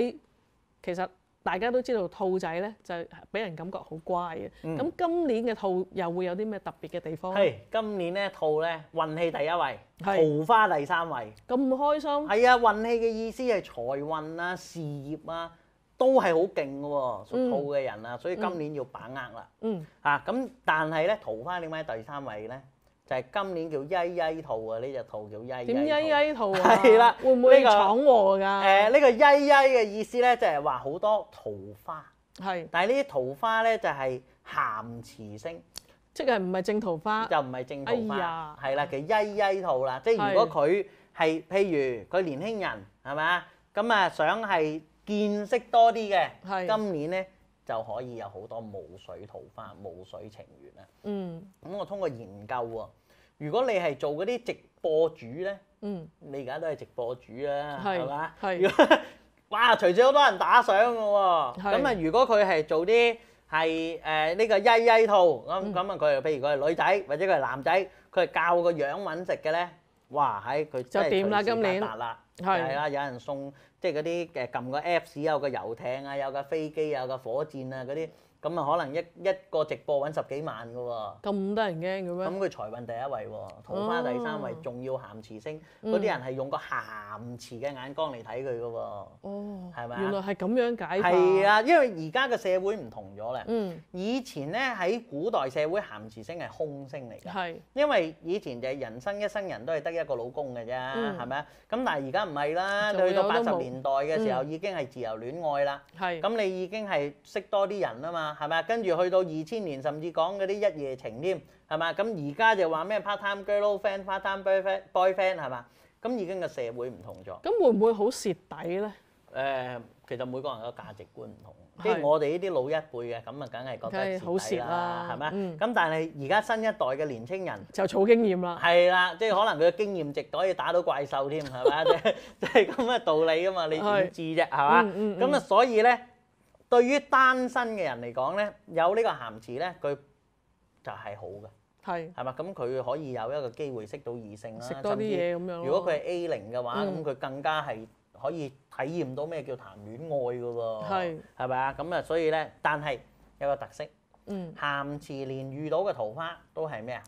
其實。大家都知道兔仔咧就俾人感覺好乖嘅，咁、嗯、今年嘅兔又會有啲咩特別嘅地方咧？今年咧兔咧運氣第一位，是桃花第三位，咁開心？係啊、哎，運氣嘅意思係財運啊、事業啊都係好勁㗎喎，屬兔嘅人啊，嗯、所以今年要把握啦。嗯，啊咁，但係咧桃花點解第三位咧？就係今年叫曳曳兔啊！呢隻兔叫曳曳兔，點曳曳兔啊？係啦，會唔會闖禍㗎？誒呢、這個曳曳嘅意思咧，就係話好多桃花，係的。但係呢啲桃花咧，就係鹹池星，即係唔係正桃花，就唔係正桃花，係啦、哎呀，叫曳曳兔啦。即係如果佢係的譬如佢年輕人係咪，咁啊想係見識多啲嘅，的今年咧。就可以有好多霧水桃花、霧水情緣啦。嗯，咁我通過研究喎，如果你係做嗰啲直播主咧，嗯，你而家都係直播主啦，係嘛？係。哇，隨住好多人打賞嘅喎，咁啊是，如果佢係做啲係誒呢個曳曳圖咁，咁啊佢譬如佢係女仔或者佢係男仔，佢係教個樣搵食嘅咧，哇，喺、哎、佢就點啦？咁明白啦。係啊！有人送，即係嗰啲誒撳個 Apps 有個遊艇啊，有個飛機啊，有個火箭啊嗰啲。咁啊，可能一一個直播揾十幾萬噶喎。咁得人驚嘅咩？咁佢財運第一位喎，桃花第三位，仲要鹹池星。嗰啲人係用個鹹池嘅眼光嚟睇佢噶喎。哦。係咪啊？原來係咁樣解法。係啊，因為而家嘅社會唔同咗啦。嗯。以前咧喺古代社會，鹹池星係空星嚟㗎。係。因為以前就係人生一生人都係得一個老公㗎啫，係咪啊？咁但係而家唔係啦，去到八十年代嘅時候已經係自由戀愛啦。係。咁你已經係識多啲人啦嘛？係嘛？跟住去到二千年，甚至講嗰啲一夜情添，係嘛？咁而家就話咩 part-time girlfriend、part-time boyfriend 係嘛？咁而家嘅社會唔同咗。咁會唔會好蝕底咧？誒，其實每個人嘅價值觀唔同，即係我哋呢啲老一輩嘅咁啊，梗係覺得好蝕底啦，係咪？咁但係而家新一代嘅年青人就儲經驗啦，係啦，即係可能佢嘅經驗值可以打到怪獸添，係咪？即係咁嘅道理㗎嘛，你點知啫？係嘛？咁啊，所以咧。對於單身嘅人嚟講呢，有呢個鹹池呢，佢就係好嘅，係係嘛？咁佢可以有一個機會識到異性啦。食多啲、嗯、如果佢係 A 零嘅話，咁佢、嗯、更加係可以體驗到咩叫談戀愛嘅喎是。係咪啊？咁啊，所以呢，但係有個特色，嗯、鹹池連遇到嘅桃花都係咩啊？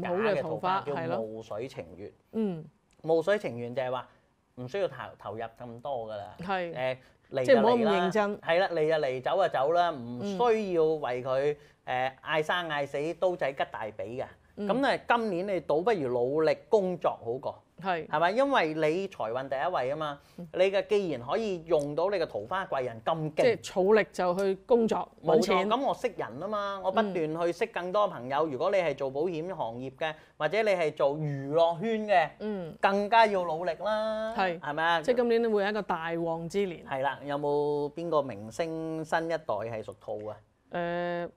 假嘅桃花叫霧水情緣。嗯，霧水情緣就係話唔需要投投入咁多㗎啦。係來來，即係唔好咁認真，係啦，嚟就嚟，走就走啦，唔需要為佢誒嗌生嗌死，刀仔吉大髀嘅。咁咧、嗯，今年你倒不如努力工作好過。係，係咪？因為你財運第一位啊嘛，你嘅既然可以用到你嘅桃花貴人咁勁，即係儲力就去工作。冇錯，咁我識人啊嘛，我不斷去識更多朋友。如果你係做保險行業嘅，或者你係做娛樂圈嘅，嗯，更加要努力啦。係，係咪啊？即係今年會有一個大旺之年。係啦，有冇邊個明星新一代係屬兔啊？誒、呃。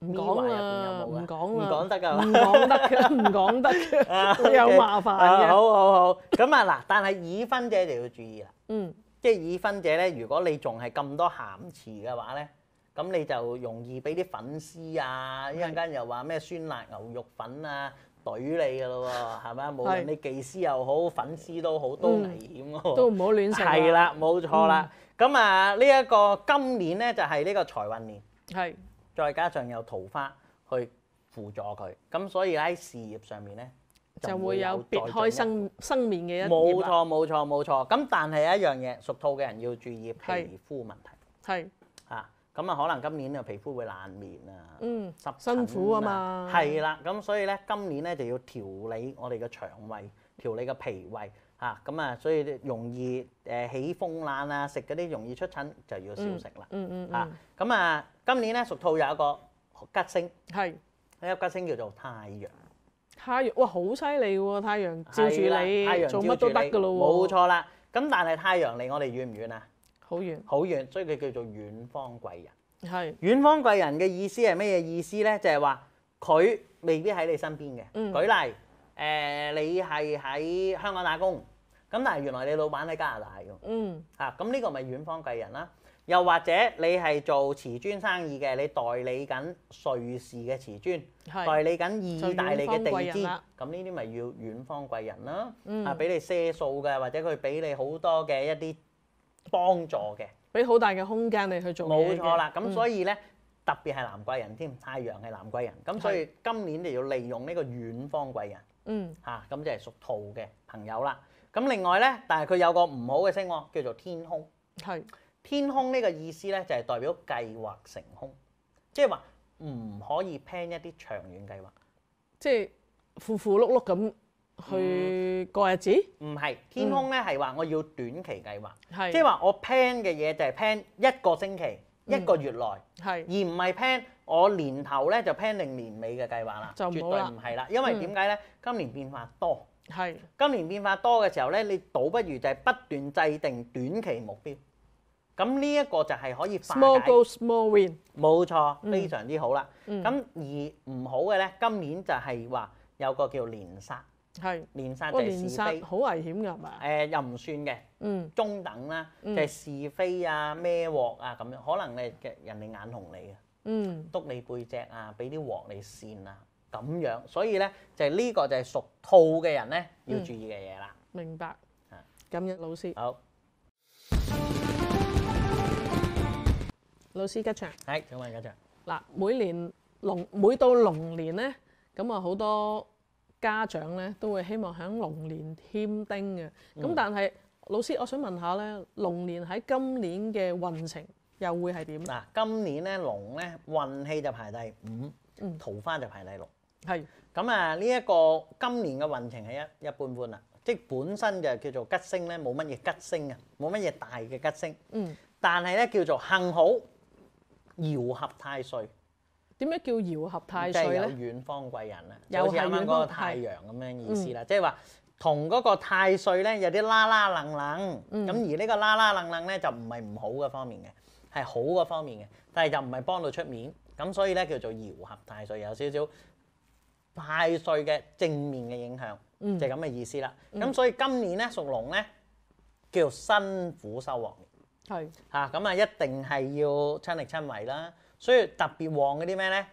唔講啦，入面有冇？唔講唔講得噶，唔講得噶，唔講得噶，有麻煩。好好好，咁啊嗱，但係已婚者就要注意啦。嗯，即係已婚者咧，如果你仲係咁多鹹詞嘅話咧，咁你就容易俾啲粉絲啊，一陣間又話咩酸辣牛肉粉啊，懟你噶咯喎，係咪啊？無論你技師又好，粉絲都好，都危險喎。都唔好亂食。係啦，冇錯啦。咁啊，呢一個今年咧就係呢個財運年。係。再加上有桃花去輔助佢，咁所以喺事業上面呢，就，會有，就會有別開生生面嘅一。冇錯冇錯冇錯，咁但係有一樣嘢，屬兔嘅人要注意皮膚問題。係。係。咁啊，可能今年啊皮膚會爛面，啊。嗯。濕疹。辛苦啊嘛。係啦，咁所以呢，今年呢就要調理我哋嘅腸胃，調理嘅脾胃嚇，咁啊，所以容易誒起風冷啊，食嗰啲容易出疹就要少食啦，嗯。嗯嗯。嚇、嗯，咁啊。嗯嗯今年咧，屬兔有一個吉星，係呢是一個吉星叫做太陽。太陽哇，好犀利喎！太陽照住你，太陽你做乜都得噶咯喎！冇錯啦。咁但係太陽離我哋遠唔遠啊？好遠，好遠，所以佢叫做遠方貴人。係是遠方貴人嘅意思係咩嘢意思咧？就係話佢未必喺你身邊嘅。嗯。舉例，誒、呃，你係喺香港打工，咁但係原來你老闆喺加拿大嘅。嗯。嚇、啊，咁呢個咪遠方貴人啦？又或者你係做瓷磚生意嘅，你代理緊瑞士嘅瓷磚，是代理緊意大利嘅地磚，咁呢啲咪要遠方貴人啦，人嗯、啊俾你些數嘅，或者佢俾你好多嘅一啲幫助嘅，俾好大嘅空間你去做，冇錯啦，咁、嗯、所以呢，特別係南貴人添，太陽係南貴人，咁是所以今年就要利用呢個遠方貴人，嚇咁、嗯啊、即係屬兔嘅朋友啦。咁另外呢，但係佢有個唔好嘅星叫做天空，係是。是天空呢個意思咧，就係、是、代表計劃成空，即係話唔可以 plan 一啲長遠計劃，即係糊糊碌碌咁去過日子。唔係、嗯、天空咧，係話、嗯、我要短期計劃，係是即係話我 plan 嘅嘢就係 plan 一個星期、嗯、一個月內，係是而唔係 plan 我年頭咧就 plan 定年尾嘅計劃啦，就，就絕對唔係啦。因為點解咧？嗯、今年變化多，係是是今年變化多嘅時候咧，你倒不如就係不斷制定短，短，期，短期目標。咁呢一個就係可以化解。Small goes small win。冇錯，非常之好啦。咁而唔好嘅咧，今年就係話有個叫連殺。係。連殺就係是非。好危險㗎係嘛？誒又唔算嘅，嗯，中等啦，就係是非啊、孭鑊啊咁樣，可能咧嘅人哋眼紅你嘅，嗯，督你背脊啊，俾啲鑊你扇啊，咁樣。所以咧就係呢個就係屬兔嘅人咧要注意嘅嘢啦。明白。啊，今日老師。好。老師吉祥，係，請問吉祥。嗱，每年龍每到龍年咧，咁啊好多家長咧都會希望喺龍年添丁嘅。咁但係老師，我想問下咧，龍年喺今年嘅運程又會係點？嗱，今年咧龍咧運氣就排第五，桃花就排第六。係。咁啊呢一個今年嘅運程係一一般般啦，即係本身就叫做吉星咧冇乜嘢吉星啊，冇乜嘢大嘅吉星。嗯。但係咧叫做幸好。搖合太歲，點樣叫搖合太歲咧？有遠方貴人啦，有啱啱嗰個太陽咁樣意思啦，嗯、即係話同嗰個太歲咧有啲啦啦楞楞，咁、嗯、而呢個啦啦楞楞咧就唔係唔好嘅方面嘅，係好嘅方面嘅，但係就唔係幫到出面，咁所以咧叫做搖合太歲有少少太歲嘅正面嘅影響，嗯、就係咁嘅意思啦。咁、嗯嗯、所以今年咧屬龍咧叫辛苦收穫。係吓，咁是啊一定係要親力親為啦。所以特別旺嗰啲咩咧，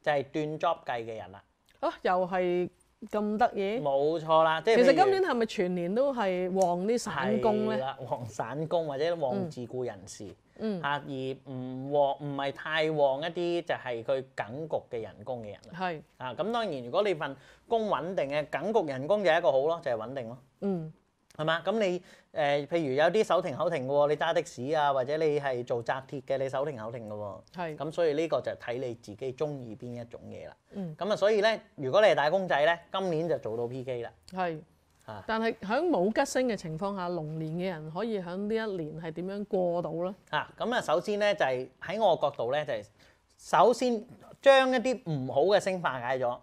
就係、是、斷 job 計嘅人啦。啊，又係咁得意？冇錯啦，即係其實今年係咪全年都係旺啲散工咧？啦，旺散工或者旺自僱人士，嗯吓、嗯啊，而唔旺唔係太旺一啲就係佢梗局嘅人工嘅人啦。是啊，咁當然如果你份工穩定嘅梗局人工就係一個好咯，就係、是、穩定咯。嗯。係嘛？咁你誒，譬如有啲手停口停嘅喎，你揸的士啊，或者你係做紮鐵嘅，你手停口停嘅喎。係。咁所以呢個就睇你自己中意邊一種嘢啦。嗯。咁啊，所以咧，如果你係打工仔咧，今年就做到 PK 啦。係。嚇！但係喺冇吉星嘅情況下，龍年嘅人可以喺呢一年係點樣過到咧？嚇！咁啊，首先咧就係喺我角度咧就係首先將一啲唔好嘅星化解咗，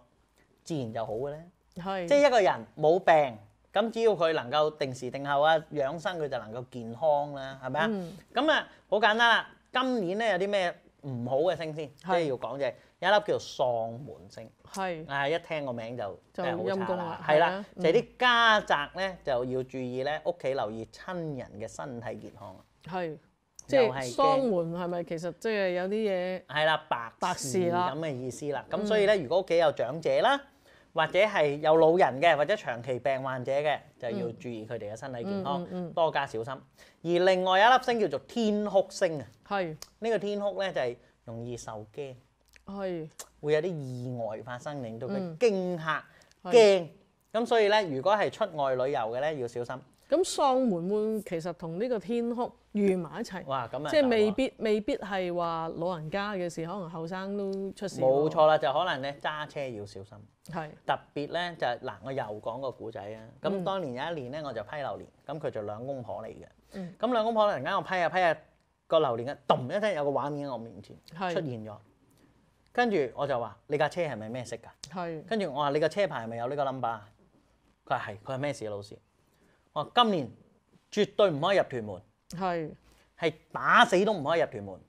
自然就好嘅咧。係。即係一個人冇病。咁只要佢能夠定時定候啊，養生佢就能夠健康啦，係咪啊？咁啊，好簡單啦。今年咧有啲咩唔好嘅星先，即係要講嘅，有一粒叫做喪門星。係。啊，一聽個名就係陰功啦。係啦，就係啲家宅咧就要注意咧，屋企留意親人嘅身體健康。係。即係喪門係咪？其實即係有啲嘢。係啦，白事啦咁嘅意思啦。咁所以咧，如果屋企有長者啦。或者係有老人嘅，或者長期病患者嘅，就要注意佢哋嘅身體健康，嗯嗯嗯、多加小心。而另外有一粒星叫做天哭星啊，係呢是個天哭呢就係、是、容易受驚，係是會有啲意外發生，令到佢驚嚇驚。咁所以呢，如果係出外旅遊嘅呢，要小心。咁喪門會其實同呢個天哭。遇埋一齊，即係、就是、未必、啊、未必係話老人家嘅事，可能後生都出事。冇錯啦，就可能咧揸車要小心。係是 特別咧就嗱，我又講個古仔啊。咁、嗯、當年有一年咧，我就批流年，咁佢就兩公婆嚟嘅。咁、嗯、兩公婆突然間我批啊批啊個流年啊，咚一聲有個畫面喺我面前是 出現咗，跟住我就話：你架車係咪咩色㗎？係是。跟住我話你架車牌係咪有，個有呢個 number 佢話係，佢係咩事啊？老師，我話今年絕對唔可以入屯門。係，係，打死都唔可以入屯門。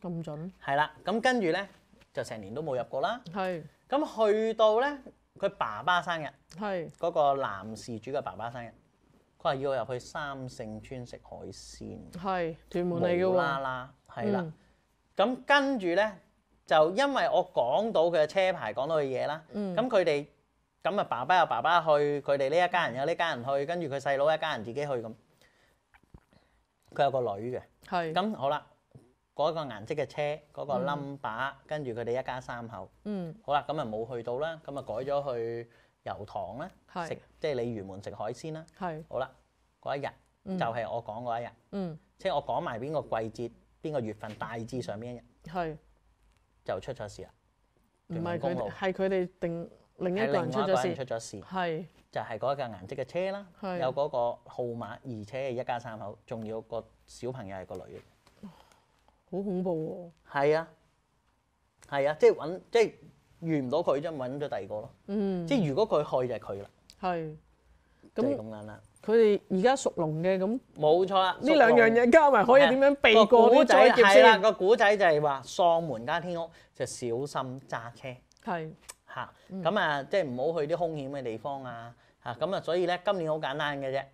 咁準？係啦。咁跟住咧就成年都冇入過啦。係，咁去到咧，佢爸爸生日，係嗰個男事主嘅爸爸生日，佢話要入去三聖村食海鮮，係屯門嚟嘅喎，無啦啦係啦。咁跟住咧就因為我講到佢嘅車牌講到嘅嘢啦，咁佢哋，咁啊爸爸有爸爸去，佢哋呢一家人有呢家人去，跟住佢細佬一家人自己去咁。佢有個女嘅，咁好啦，嗰個顏色嘅車，嗰個 number，跟住佢哋一家三口，好啦，咁啊冇去到啦，咁啊改咗去油塘啦，食即係鯉魚門食海鮮啦，好啦，嗰一日就係我講嗰一日，即係我講埋邊個季節，邊個月份，大致上邊一日，係就出咗事啊，唔係佢係佢哋定。另一個人出咗事，係是就係嗰架顏色嘅車啦，是有嗰個號碼，而且係一家三口，仲要個小朋友係個女嘅，好、哦、恐怖喎、哦！係啊，係啊，即係揾即係遇唔到佢啫，揾咗第二個咯。嗯，即係如果佢去，就係佢啦。係是，就咁樣啦。佢哋而家屬龍嘅咁，冇錯啦。呢兩樣嘢加埋可以點樣避過呢、啊嗰個災劫先？啊嗰個古仔就係話：喪門加天屋，就小心揸車。係。嚇咁啊，即係唔好去啲凶險嘅地方啊！嚇咁啊，所以咧今年好簡單嘅啫，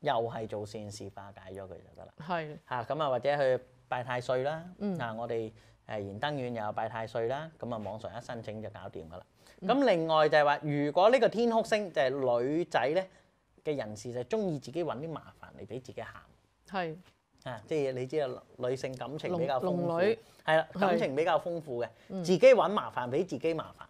又係做善事化解咗佢就得啦。係，嚇咁啊，或者去拜太歲啦。嗱，我哋誒燃燈院又有拜太歲啦。咁啊，網上一申請就搞掂噶啦。咁另外就係話，如果呢個天哭星就係女仔咧嘅人士，就中意自己揾啲麻煩嚟俾自己行。係。啊，即係你知啊，女性感情比較豐富，係啦，感情比較豐富嘅，自己揾麻煩俾自己麻煩，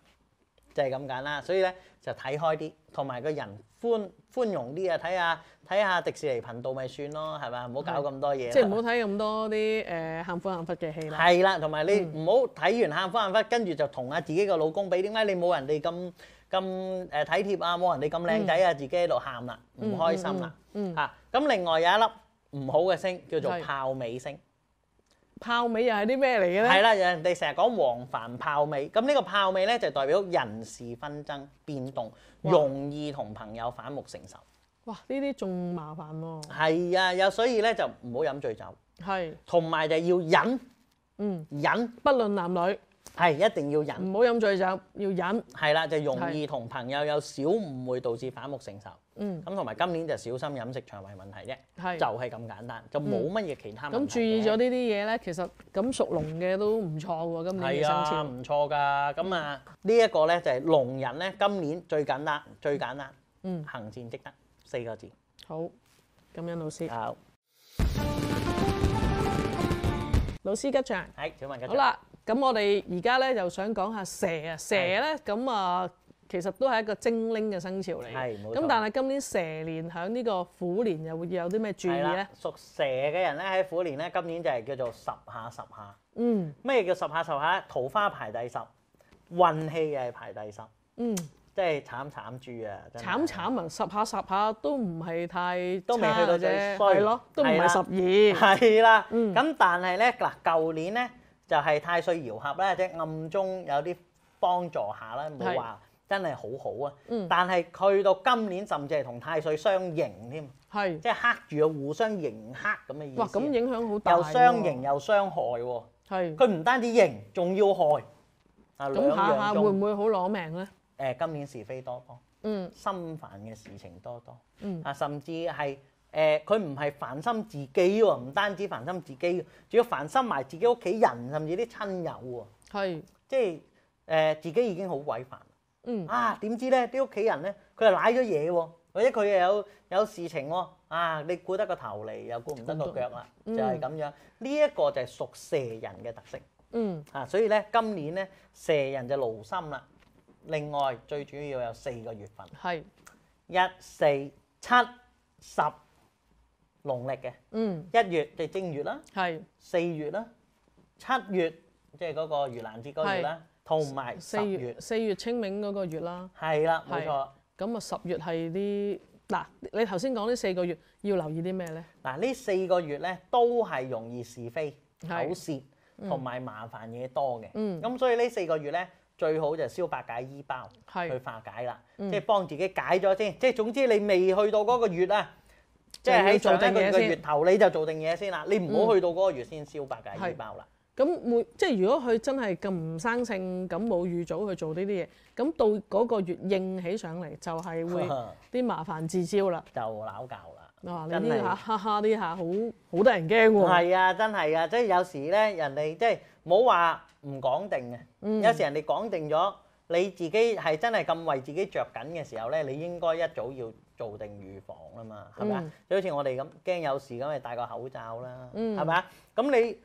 就係咁簡單。所以咧就睇開啲，同埋個人寬寬容啲啊，睇下睇下迪士尼頻道咪算咯，係咪？唔好搞咁多嘢。即係唔好睇咁多啲誒，喊苦喊忽嘅戲啦。係啦，同埋你唔好睇完喊苦喊忽，跟住就同阿自己個老公比，點解你冇人哋咁咁誒體貼啊？冇人哋咁靚仔啊，自己喺度喊啦，唔開心啦。嗯。嚇，咁另外有一粒。唔好嘅星叫做豹尾星，豹尾又係啲咩嚟嘅咧？係啦，人哋成日講黃幡豹尾，咁呢個豹尾咧就代表人事紛爭變動，哇容易同朋友反目成仇。哇！呢啲仲麻煩喎。係啊，有、啊、所以咧就唔好飲醉酒。係是。同埋就要忍。嗯。忍，不論男女。係，一定要忍。唔好飲醉酒，要忍。係啦，就容易同朋友有小誤會，導致反目成仇。嗯，咁同埋今年就小心飲食腸胃問題啫，就係咁簡單，就冇乜嘢其他。咁注意咗呢啲嘢咧，其實咁屬龍嘅都唔錯喎，今年嘅生肖唔錯㗎。咁啊，呢一個咧就係龍人咧，今年最簡單，最簡單，行善積德四個字。好，咁樣老師。好。老師吉祥。係，小文吉祥。好啦，咁我哋而家咧就想講下蛇啊，蛇咧咁啊。其實都係一個精靈嘅生肖嚟嘅，咁但係今年蛇年響呢個虎年又會有啲咩注意咧？屬蛇嘅人咧喺虎年咧，今年就係叫做十下十下。嗯。咩叫十下十下？桃花排第十，運氣係排第十。嗯。即係慘慘豬啊！慘慘文，十下十下都唔係太都未去到最衰咯，都唔係十二。係啦。咁但係咧嗱，舊年咧就係太歲搖合啦，即係暗中有啲幫助下啦，冇話真係好好啊！但係去到今年，甚至係同太歲相刑添，係即係克住互相刑克咁嘅意思。咁影響好大，又相刑又相害喎。係佢唔單止刑，仲要害。咁下下會唔會好攞命咧？誒，今年是非多多，嗯，心煩嘅事情多多，啊，甚至係誒，佢唔係煩心自己喎，唔單止煩心自己，仲要煩心埋自己屋企人，甚至啲親友喎。係即係誒，自己已經好鬼煩。嗯啊，啊點知咧？啲屋企人咧，佢又舐咗嘢喎，或者佢又有有事情喎，啊你估得個頭嚟，又顧唔得個腳啦，嗯、就係咁樣。呢、這、一個就係屬蛇人嘅特色。嗯啊，啊所以咧今年咧，蛇人就勞心啦。另外最主要有四個月份，係是的 一四七十農曆嘅。嗯，一月即係正月啦，係是的 四月啦，七月即係嗰個盂蘭節嗰月啦。是的 同埋四月、四月清明嗰個月啦，係啦，冇錯。咁啊，十月係啲嗱。你頭先講呢四個月要留意啲咩咧？嗱，呢四個月咧都係容易是非、口舌同埋麻煩嘢多嘅。嗯，咁、嗯、所以呢四個月咧最好就燒白解衣包去化解啦，嗯、即係幫自己解咗先。即係總之你未去到嗰個月啊，即係喺做定一個月頭你就做定嘢先啦。嗯、你唔好去到嗰個月先燒白解衣包啦。的咁每即係如果佢真係咁唔生性，咁冇預早去做呢啲嘢，咁到嗰個月應起上嚟，就係、是、會啲麻煩自招啦， 就撈搞啦。啊呢 哇下，哈哈呢下，好好得人驚喎。係啊，真係啊，即係有時咧，人哋即係冇話唔講定嘅。有時人哋講定咗，你自己係真係咁為自己着緊嘅時候咧，你應該一早要做定預防啦嘛，係咪啊？嗯、就好似我哋咁驚有事咁，咪戴個口罩啦，係咪啊？咁、嗯、你。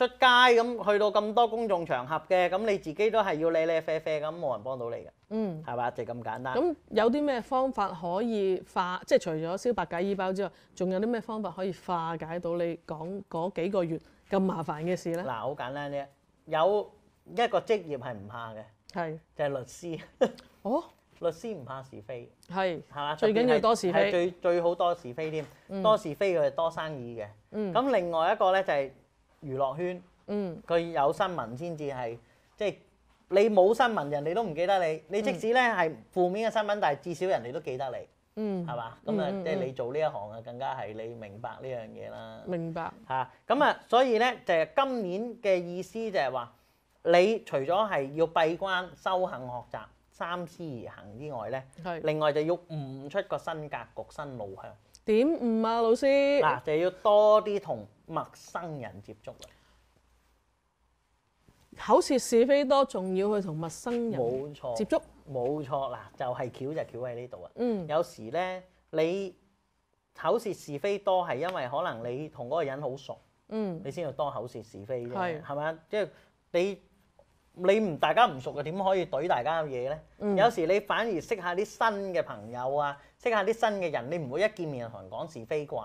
出街咁去到咁多公眾場合嘅，咁你自己都係要呢呢啡啡咁，冇人幫到你嘅，嗯，係嘛，就咁簡單。咁有啲咩方法可以化，即係除咗燒白解衣包之外，仲有啲咩方法可以化解到你講嗰幾個月咁麻煩嘅事咧？嗱，好簡單啫，有一個職業係唔怕嘅，係就係律師。哦，律師唔怕是非，係係嘛，最緊要多是非，最最好多是非添，多是非佢係多生意嘅。嗯，咁另外一個咧就係。娛樂圈，佢、嗯、有新聞先至係，即係你冇新聞，人哋都唔記得你。你即使咧係負面嘅新聞，但係至少人哋都記得你，係嘛？咁啊，即係你做呢一行啊，嗯嗯、更加係你明白呢樣嘢啦。明白嚇，咁啊，所以咧就係、是、今年嘅意思就係話，你除咗係要閉關修行、學習三思而行之外咧，的另外就要悟出個新格局、新路向。點誤啊，老師？嗱，就要多啲同陌生人接觸啦。口舌是非多，仲要去同陌生人接觸？冇錯，冇錯啦，就係巧就巧喺呢度啊。嗯，有時咧，你口舌是非多，係因為可能你同嗰個人好熟，嗯，你先要多口舌是非啫，係嘛？即係你。你唔，大家唔熟嘅，點可以懟大家嘅嘢呢？嗯、有時你反而識下啲新嘅朋友啊，識下啲新嘅人，你唔會一見面就同人講是非啩？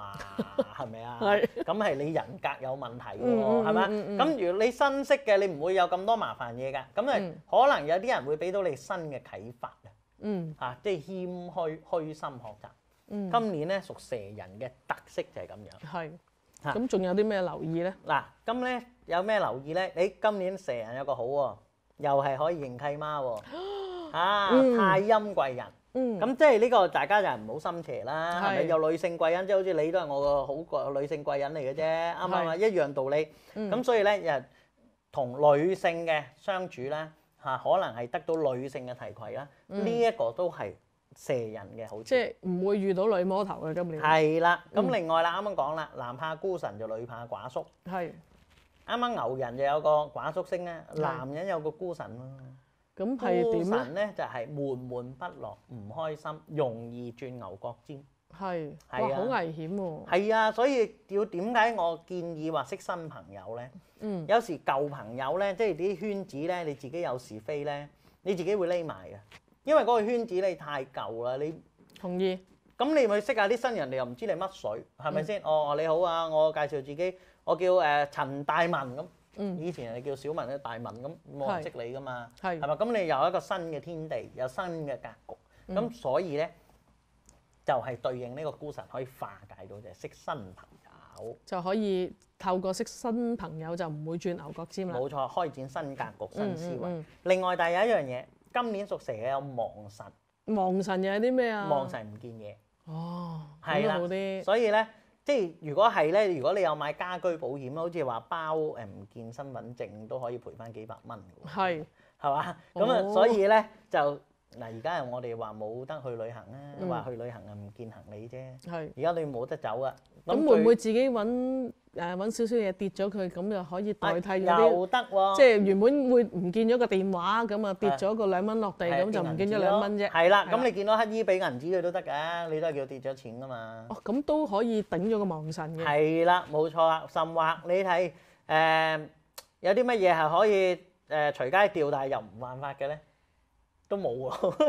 係咪啊？咁係 你人格有問題喎？係咪啊？咁如果你新識嘅，你唔會有咁多麻煩嘢㗎。咁誒，可能有啲人會俾到你新嘅啟發，嗯嗯啊。嗯。嚇，即係謙虛、虛心學習。嗯嗯，今年呢，屬蛇人嘅特色就係咁樣。係、嗯。咁仲有啲咩留意咧？嗱，咁咧有咩留意咧？你今年蛇人有個好喎，又係可以認契媽喎，啊太陰貴人，咁即係呢個大家就唔好心邪啦，係咪？有女性貴人，即係好似你都係我個好個女性貴人嚟嘅啫，啱唔啱啊？一樣道理，咁所以咧又同女性嘅相處咧嚇，可能係得到女性嘅提攜啦，呢一個都係。蛇人嘅好似即係唔會遇到女魔頭嘅今年係啦，咁另外啦，啱啱講啦，男怕孤神就女怕寡宿係。啱啱牛人就有個寡宿星啊，男人有個孤神咯。咁孤神咧就係悶悶不樂，唔開心，容易轉牛角尖。係，哇，好危險喎！係啊，所以要點解我建議話識新朋友咧？嗯，有時舊朋友咧，即係啲圈子咧，你自己有是非咧，你自己會匿埋嘅。因為嗰個圈子你太舊啦，你同意？咁你咪識下啲新人，你又唔知你乜水，係咪先？哦，你好啊，我介紹自己，我叫誒陳大文咁，以前人哋叫小文，叫大文咁，冇人識你噶嘛，係嘛？咁你又有一個新嘅天地，有新嘅格局，咁所以咧就係對應呢個孤神可以化解到就係識新朋友，就可以透過識新朋友就唔會轉牛角尖啦。冇錯，開展新格局、新思維。另外，但係有一樣嘢。今年屬蛇嘅有亡神，亡神又係啲咩啊？亡神唔見嘢。哦，係啦，所以咧，即係如果係咧，如果你有買家居保險，好似話包誒唔見身份證都可以賠翻幾百蚊㗎喎。係，係嘛？咁啊，所以咧就。嗱，而家我哋話冇得去旅行啊，話去旅行啊，唔見行李啫。係。而家你冇得走啊。咁會唔會自己揾誒揾少少嘢跌咗佢，咁就可以代替咗啲？又得喎。即係原本會唔見咗個電話咁啊，跌咗個兩蚊落地咁就唔見咗兩蚊啫。係啦。咁你見到乞兒俾銀紙佢都得㗎，你都係叫跌咗錢㗎嘛。哦，咁都可以頂咗個亡神嘅。係啦，冇錯啦。甚或你睇誒有啲乜嘢係可以誒隨街掉，但係又唔犯法嘅咧？都冇喎，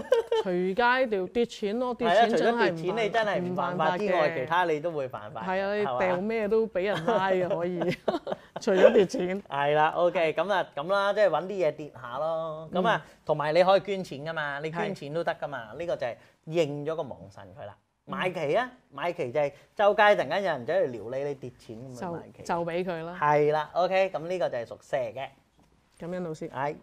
隨街掉跌錢咯，跌錢，你真係唔犯法之外，其他你都會犯法。係啊，你掉咩都俾人拉嘅可以，除咗跌錢。係啦，OK，咁啊咁啦，即係揾啲嘢跌下咯。咁啊，同埋你可以捐錢噶嘛，你捐錢都得噶嘛。呢個就係應咗個亡神佢啦。買旗啊，買旗就係周街陣間有人走去撩你，你跌錢咪買旗，就俾佢啦。係啦，OK，咁呢個就係屬蛇嘅。咁樣老師。係。